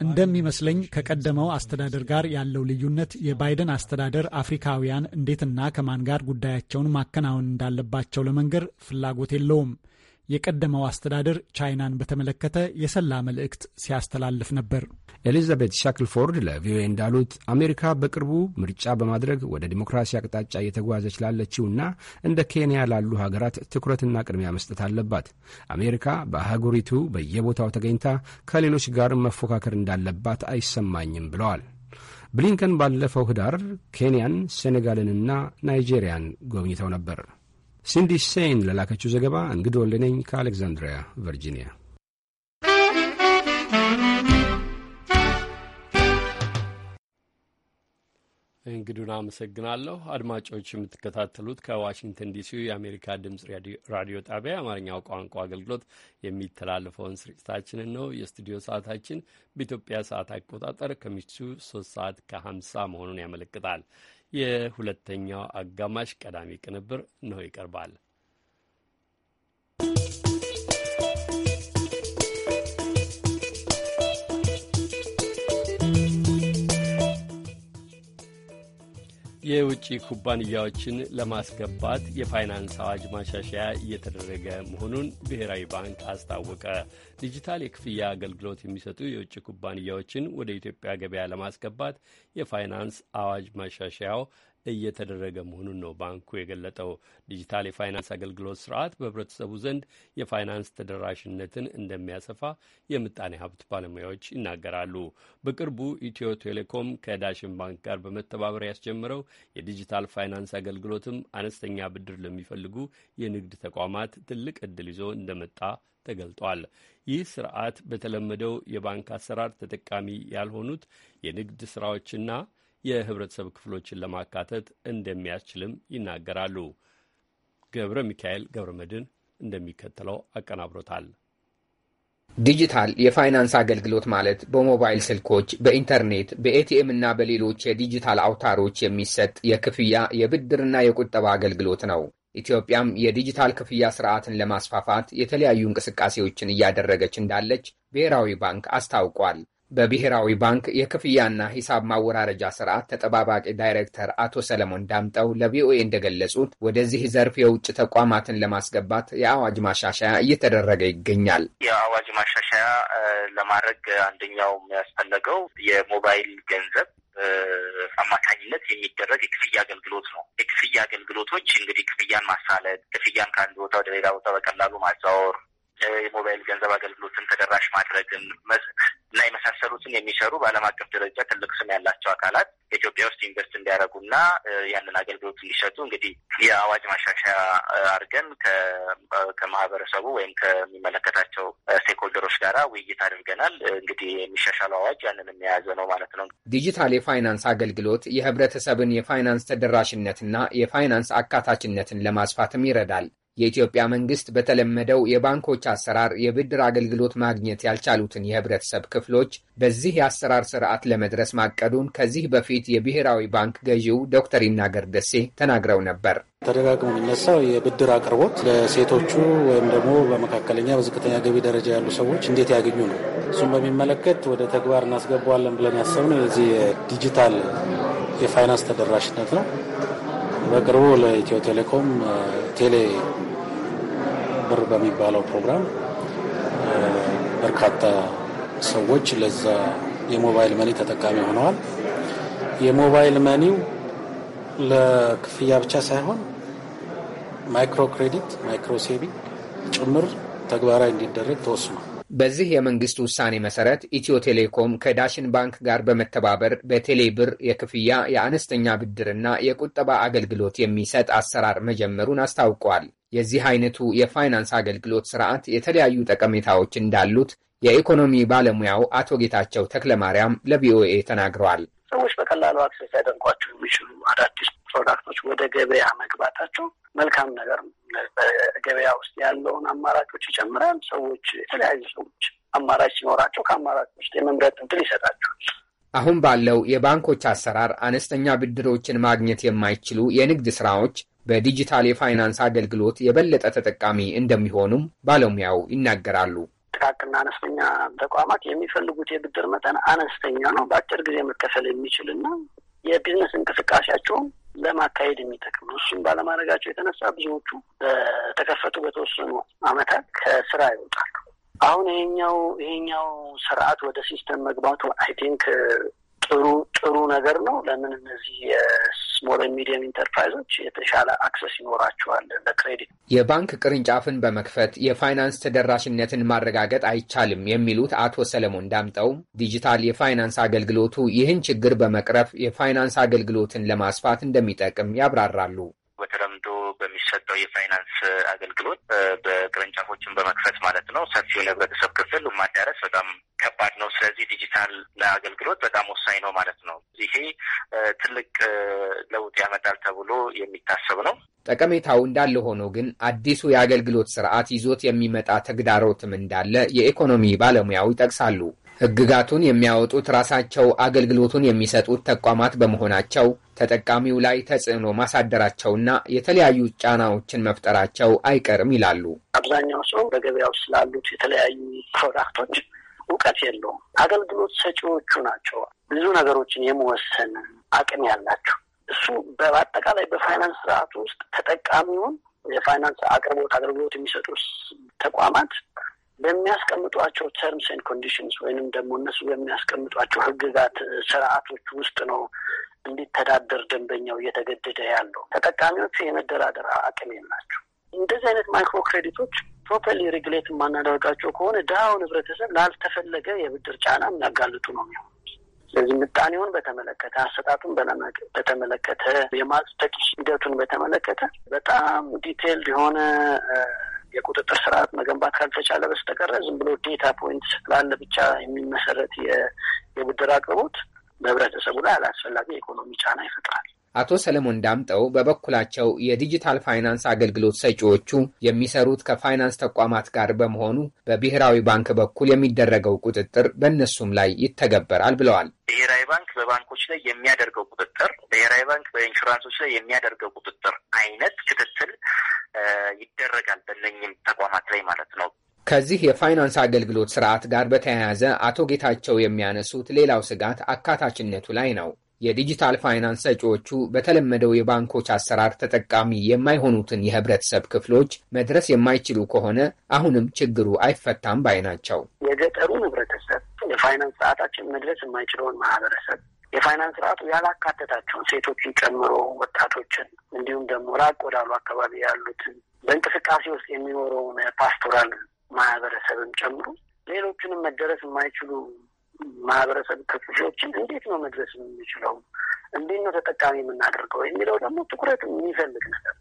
እንደሚመስለኝ ከቀደመው አስተዳደር ጋር ያለው ልዩነት የባይደን አስተዳደር አፍሪካውያን እንዴትና ከማን ጋር ጉዳያቸውን ማከናወን እንዳለባቸው ለመንገር ፍላጎት የለውም። የቀደመው አስተዳደር ቻይናን በተመለከተ የሰላ መልእክት ሲያስተላልፍ ነበር። ኤሊዛቤት ሻክልፎርድ ለቪኦኤ እንዳሉት አሜሪካ በቅርቡ ምርጫ በማድረግ ወደ ዲሞክራሲ አቅጣጫ እየተጓዘች ላለችውና እንደ ኬንያ ላሉ ሀገራት ትኩረትና ቅድሚያ መስጠት አለባት። አሜሪካ በአህጉሪቱ በየቦታው ተገኝታ ከሌሎች ጋር መፎካከር እንዳለባት አይሰማኝም ብለዋል። ብሊንከን ባለፈው ህዳር ኬንያን፣ ሴኔጋልንና ናይጄሪያን ጎብኝተው ነበር። ሲንዲ ሴን ለላከችው ዘገባ እንግዶ ወልደነኝ ከአሌክዛንድሪያ ቨርጂኒያ። እንግዱን አመሰግናለሁ። አድማጮች የምትከታተሉት ከዋሽንግተን ዲሲ የአሜሪካ ድምጽ ራዲዮ ጣቢያ የአማርኛው ቋንቋ አገልግሎት የሚተላለፈውን ስርጭታችንን ነው። የስቱዲዮ ሰዓታችን በኢትዮጵያ ሰዓት አቆጣጠር ከምሽቱ ሶስት ሰዓት ከሀምሳ መሆኑን ያመለክታል። የሁለተኛው አጋማሽ ቀዳሚ ቅንብር ነው ይቀርባል። የውጭ ኩባንያዎችን ለማስገባት የፋይናንስ አዋጅ ማሻሻያ እየተደረገ መሆኑን ብሔራዊ ባንክ አስታወቀ። ዲጂታል የክፍያ አገልግሎት የሚሰጡ የውጭ ኩባንያዎችን ወደ ኢትዮጵያ ገበያ ለማስገባት የፋይናንስ አዋጅ ማሻሻያው እየተደረገ መሆኑን ነው ባንኩ የገለጠው። ዲጂታል የፋይናንስ አገልግሎት ስርዓት በህብረተሰቡ ዘንድ የፋይናንስ ተደራሽነትን እንደሚያሰፋ የምጣኔ ሀብት ባለሙያዎች ይናገራሉ። በቅርቡ ኢትዮ ቴሌኮም ከዳሽን ባንክ ጋር በመተባበር ያስጀምረው የዲጂታል ፋይናንስ አገልግሎትም አነስተኛ ብድር ለሚፈልጉ የንግድ ተቋማት ትልቅ እድል ይዞ እንደመጣ ተገልጧል። ይህ ስርዓት በተለመደው የባንክ አሰራር ተጠቃሚ ያልሆኑት የንግድ ስራዎችና የህብረተሰብ ክፍሎችን ለማካተት እንደሚያስችልም ይናገራሉ። ገብረ ሚካኤል ገብረ መድን እንደሚከተለው አቀናብሮታል። ዲጂታል የፋይናንስ አገልግሎት ማለት በሞባይል ስልኮች፣ በኢንተርኔት፣ በኤቲኤም እና በሌሎች የዲጂታል አውታሮች የሚሰጥ የክፍያ የብድርና የቁጠባ አገልግሎት ነው። ኢትዮጵያም የዲጂታል ክፍያ ስርዓትን ለማስፋፋት የተለያዩ እንቅስቃሴዎችን እያደረገች እንዳለች ብሔራዊ ባንክ አስታውቋል። በብሔራዊ ባንክ የክፍያና ሂሳብ ማወራረጃ ስርዓት ተጠባባቂ ዳይሬክተር አቶ ሰለሞን ዳምጠው ለቪኦኤ እንደገለጹት ወደዚህ ዘርፍ የውጭ ተቋማትን ለማስገባት የአዋጅ ማሻሻያ እየተደረገ ይገኛል። የአዋጅ ማሻሻያ ለማድረግ አንደኛው ያስፈለገው የሞባይል ገንዘብ አማካኝነት የሚደረግ የክፍያ አገልግሎት ነው። የክፍያ አገልግሎቶች እንግዲህ ክፍያን ማሳለጥ፣ ክፍያን ከአንድ ቦታ ወደ ሌላ ቦታ በቀላሉ ማዛወር የሞባይል ገንዘብ አገልግሎትን ተደራሽ ማድረግን እና የመሳሰሉትን የሚሰሩ በዓለም አቀፍ ደረጃ ትልቅ ስም ያላቸው አካላት ኢትዮጵያ ውስጥ ኢንቨስት እንዲያደርጉና ያንን አገልግሎት እንዲሰጡ እንግዲህ የአዋጅ ማሻሻያ አድርገን ከማህበረሰቡ ወይም ከሚመለከታቸው ስቴክሆልደሮች ጋራ ውይይት አድርገናል። እንግዲህ የሚሻሻለው አዋጅ ያንን የያዘ ነው ማለት ነው። ዲጂታል የፋይናንስ አገልግሎት የህብረተሰብን የፋይናንስ ተደራሽነትና የፋይናንስ አካታችነትን ለማስፋትም ይረዳል። የኢትዮጵያ መንግስት በተለመደው የባንኮች አሰራር የብድር አገልግሎት ማግኘት ያልቻሉትን የህብረተሰብ ክፍሎች በዚህ የአሰራር ስርዓት ለመድረስ ማቀዱን ከዚህ በፊት የብሔራዊ ባንክ ገዢው ዶክተር ይናገር ደሴ ተናግረው ነበር። ተደጋግሞ የሚነሳው የብድር አቅርቦት ለሴቶቹ ወይም ደግሞ በመካከለኛ በዝቅተኛ ገቢ ደረጃ ያሉ ሰዎች እንዴት ያገኙ ነው። እሱም በሚመለከት ወደ ተግባር እናስገባዋለን ብለን ያሰብነው የዚህ የዲጂታል የፋይናንስ ተደራሽነት ነው። በቅርቡ ለኢትዮ ቴሌኮም ቴሌ ብር በሚባለው ፕሮግራም በርካታ ሰዎች ለዛ የሞባይል መኒ ተጠቃሚ ሆነዋል። የሞባይል መኒው ለክፍያ ብቻ ሳይሆን ማይክሮ ክሬዲት፣ ማይክሮ ሴቪንግ ጭምር ተግባራዊ እንዲደረግ ተወስኗል። በዚህ የመንግስት ውሳኔ መሰረት ኢትዮ ቴሌኮም ከዳሽን ባንክ ጋር በመተባበር በቴሌ ብር የክፍያ የአነስተኛ ብድርና የቁጠባ አገልግሎት የሚሰጥ አሰራር መጀመሩን አስታውቋል። የዚህ አይነቱ የፋይናንስ አገልግሎት ስርዓት የተለያዩ ጠቀሜታዎች እንዳሉት የኢኮኖሚ ባለሙያው አቶ ጌታቸው ተክለማርያም ለቪኦኤ ተናግረዋል። ሰዎች በቀላሉ አክሰስ ያደርጓቸው የሚችሉ አዳዲስ ፕሮዳክቶች ወደ ገበያ መግባታቸው መልካም ነገር በገበያ ውስጥ ያለውን አማራጮች ይጨምራል። ሰዎች የተለያዩ ሰዎች አማራጭ ሲኖራቸው ከአማራጭ ውስጥ የመምረጥ እድል ይሰጣቸዋል። አሁን ባለው የባንኮች አሰራር አነስተኛ ብድሮችን ማግኘት የማይችሉ የንግድ ስራዎች በዲጂታል የፋይናንስ አገልግሎት የበለጠ ተጠቃሚ እንደሚሆኑም ባለሙያው ይናገራሉ። ጥቃቅንና አነስተኛ ተቋማት የሚፈልጉት የብድር መጠን አነስተኛ ነው፣ በአጭር ጊዜ መከፈል የሚችል የቢዝነስ እንቅስቃሴያቸውን ለማካሄድ የሚጠቅም ነው። እሱም ባለማድረጋቸው የተነሳ ብዙዎቹ በተከፈቱ በተወሰኑ አመታት ከስራ ይወጣሉ። አሁን ይሄኛው ይሄኛው ስርዓት ወደ ሲስተም መግባቱ አይ ቲንክ ጥሩ ጥሩ ነገር ነው። ለምን እነዚህ የስሞል ሚዲየም ኢንተርፕራይዞች የተሻለ አክሰስ ይኖራቸዋል ለክሬዲት። የባንክ ቅርንጫፍን በመክፈት የፋይናንስ ተደራሽነትን ማረጋገጥ አይቻልም የሚሉት አቶ ሰለሞን ዳምጠው ዲጂታል የፋይናንስ አገልግሎቱ ይህን ችግር በመቅረፍ የፋይናንስ አገልግሎትን ለማስፋት እንደሚጠቅም ያብራራሉ። በሚሰጠው የፋይናንስ አገልግሎት በቅርንጫፎችን በመክፈት ማለት ነው ሰፊውን ህብረተሰብ ክፍል ማዳረስ በጣም ከባድ ነው። ስለዚህ ዲጂታል ለአገልግሎት በጣም ወሳኝ ነው ማለት ነው። ይሄ ትልቅ ለውጥ ያመጣል ተብሎ የሚታሰብ ነው። ጠቀሜታው እንዳለ ሆኖ ግን አዲሱ የአገልግሎት ስርዓት ይዞት የሚመጣ ተግዳሮትም እንዳለ የኢኮኖሚ ባለሙያው ይጠቅሳሉ። ህግጋቱን የሚያወጡት ራሳቸው አገልግሎቱን የሚሰጡት ተቋማት በመሆናቸው ተጠቃሚው ላይ ተጽዕኖ ማሳደራቸውና የተለያዩ ጫናዎችን መፍጠራቸው አይቀርም ይላሉ። አብዛኛው ሰው ውስጥ ስላሉት የተለያዩ ፕሮዳክቶች እውቀት የለውም። አገልግሎት ሰጪዎቹ ናቸው ብዙ ነገሮችን የመወሰን አቅም ያላቸው። እሱ በአጠቃላይ በፋይናንስ ስርዓት ውስጥ ተጠቃሚውን የፋይናንስ አቅርቦት አገልግሎት የሚሰጡ ተቋማት በሚያስቀምጧቸው ተርምስ ኤንድ ኮንዲሽንስ ወይንም ደግሞ እነሱ በሚያስቀምጧቸው ህግጋት ስርዓቶች ውስጥ ነው እንዲተዳደር ደንበኛው እየተገደደ ያለው። ተጠቃሚዎቹ የመደራደር አቅም የላቸው። እንደዚህ አይነት ማይክሮ ክሬዲቶች ፕሮፐርሊ ሬግሌት የማናደርጋቸው ከሆነ ድሃውን ህብረተሰብ ላልተፈለገ የብድር ጫና የሚያጋልጡ ነው የሚሆኑ። ስለዚህ ምጣኔውን በተመለከተ አሰጣጡን በተመለከተ የማጽደቅ ሂደቱን በተመለከተ በጣም ዲቴይልድ የሆነ የቁጥጥር ስርዓት መገንባት ካልተቻለ በስተቀረ ዝም ብሎ ዴታ ፖይንት ለአንድ ብቻ የሚመሰረት የብድር አቅርቦት በህብረተሰቡ ላይ አላስፈላጊ የኢኮኖሚ ጫና ይፈጥራል። አቶ ሰለሞን ዳምጠው በበኩላቸው የዲጂታል ፋይናንስ አገልግሎት ሰጪዎቹ የሚሰሩት ከፋይናንስ ተቋማት ጋር በመሆኑ በብሔራዊ ባንክ በኩል የሚደረገው ቁጥጥር በእነሱም ላይ ይተገበራል ብለዋል። ብሔራዊ ባንክ በባንኮች ላይ የሚያደርገው ቁጥጥር፣ ብሔራዊ ባንክ በኢንሹራንሶች ላይ የሚያደርገው ቁጥጥር አይነት ክትትል ይደረጋል በነኝም ተቋማት ላይ ማለት ነው። ከዚህ የፋይናንስ አገልግሎት ስርዓት ጋር በተያያዘ አቶ ጌታቸው የሚያነሱት ሌላው ስጋት አካታችነቱ ላይ ነው። የዲጂታል ፋይናንስ ሰጪዎቹ በተለመደው የባንኮች አሰራር ተጠቃሚ የማይሆኑትን የህብረተሰብ ክፍሎች መድረስ የማይችሉ ከሆነ አሁንም ችግሩ አይፈታም ባይ ናቸው። የገጠሩን ህብረተሰብ የፋይናንስ ስርዓታችን መድረስ የማይችለውን ማህበረሰብ የፋይናንስ ስርዓቱ ያላካተታቸውን ሴቶችን ጨምሮ ወጣቶችን፣ እንዲሁም ደግሞ ራቅ ወዳሉ አካባቢ ያሉትን በእንቅስቃሴ ውስጥ የሚኖረውን ፓስቶራል ማህበረሰብም ጨምሮ ሌሎችንም መደረስ የማይችሉ ማህበረሰብ ክፍሎችን እንዴት ነው መድረስ የምንችለው እንዴት ነው ተጠቃሚ የምናደርገው የሚለው ደግሞ ትኩረት የሚፈልግ ነገር።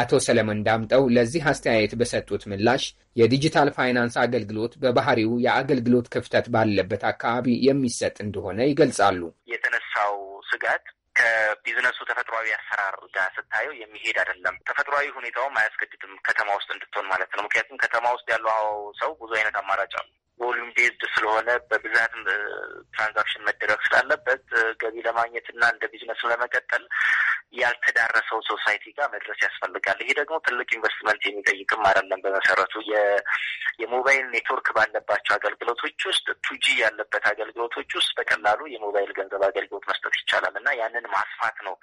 አቶ ሰለሞን ዳምጠው ለዚህ አስተያየት በሰጡት ምላሽ የዲጂታል ፋይናንስ አገልግሎት በባህሪው የአገልግሎት ክፍተት ባለበት አካባቢ የሚሰጥ እንደሆነ ይገልጻሉ። የተነሳው ስጋት ከቢዝነሱ ተፈጥሯዊ አሰራር ጋር ስታየው የሚሄድ አይደለም። ተፈጥሯዊ ሁኔታውም አያስገድድም ከተማ ውስጥ እንድትሆን ማለት ነው። ምክንያቱም ከተማ ውስጥ ያለው ሰው ብዙ አይነት አማራጭ አሉ። ቮሊዩም ቤዝድ ስለሆነ በብዛትም ትራንዛክሽን መደረግ ስላለበት ገቢ ለማግኘት እና እንደ ቢዝነስ ለመቀጠል ያልተዳረሰው ሶሳይቲ ጋር መድረስ ያስፈልጋል። ይሄ ደግሞ ትልቅ ኢንቨስትመንት የሚጠይቅም አይደለም። በመሰረቱ የሞባይል ኔትወርክ ባለባቸው አገልግሎቶች ውስጥ ቱጂ ያለበት አገልግሎቶች ውስጥ በቀላሉ የሞባይል ገንዘብ አገልግሎት መስጠት ይቻላል እና ያንን ማስፋት ነው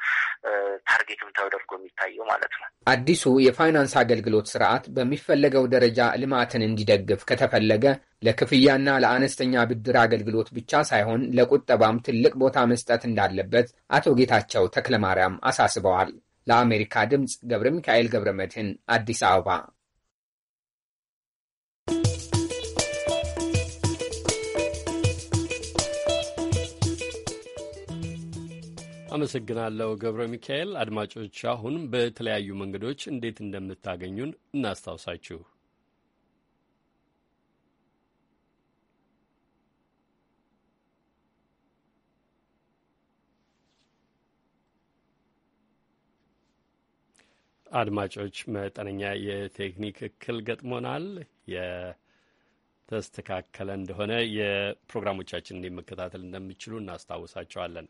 ታርጌትም ተደርጎ የሚታየው ማለት ነው። አዲሱ የፋይናንስ አገልግሎት ስርዓት በሚፈለገው ደረጃ ልማትን እንዲደግፍ ከተፈለገ ለክፍያና ለአነስተኛ ብድር አገልግሎት ብቻ ሳይሆን ለቁጠባም ትልቅ ቦታ መስጠት እንዳለበት አቶ ጌታቸው ተክለማርያም አሳስበዋል። ለአሜሪካ ድምፅ ገብረ ሚካኤል ገብረ መድህን አዲስ አበባ። አመሰግናለሁ ገብረ ሚካኤል። አድማጮች አሁን በተለያዩ መንገዶች እንዴት እንደምታገኙን እናስታውሳችሁ። አድማጮች መጠነኛ የቴክኒክ እክል ገጥሞናል። የተስተካከለ እንደሆነ የፕሮግራሞቻችን መከታተል እንደምችሉ እናስታውሳቸዋለን።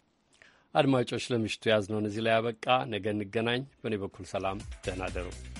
አድማጮች፣ ለምሽቱ ያዝነውን እዚህ ላይ ያበቃ። ነገ እንገናኝ። በእኔ በኩል ሰላም፣ ደህና ደሩ።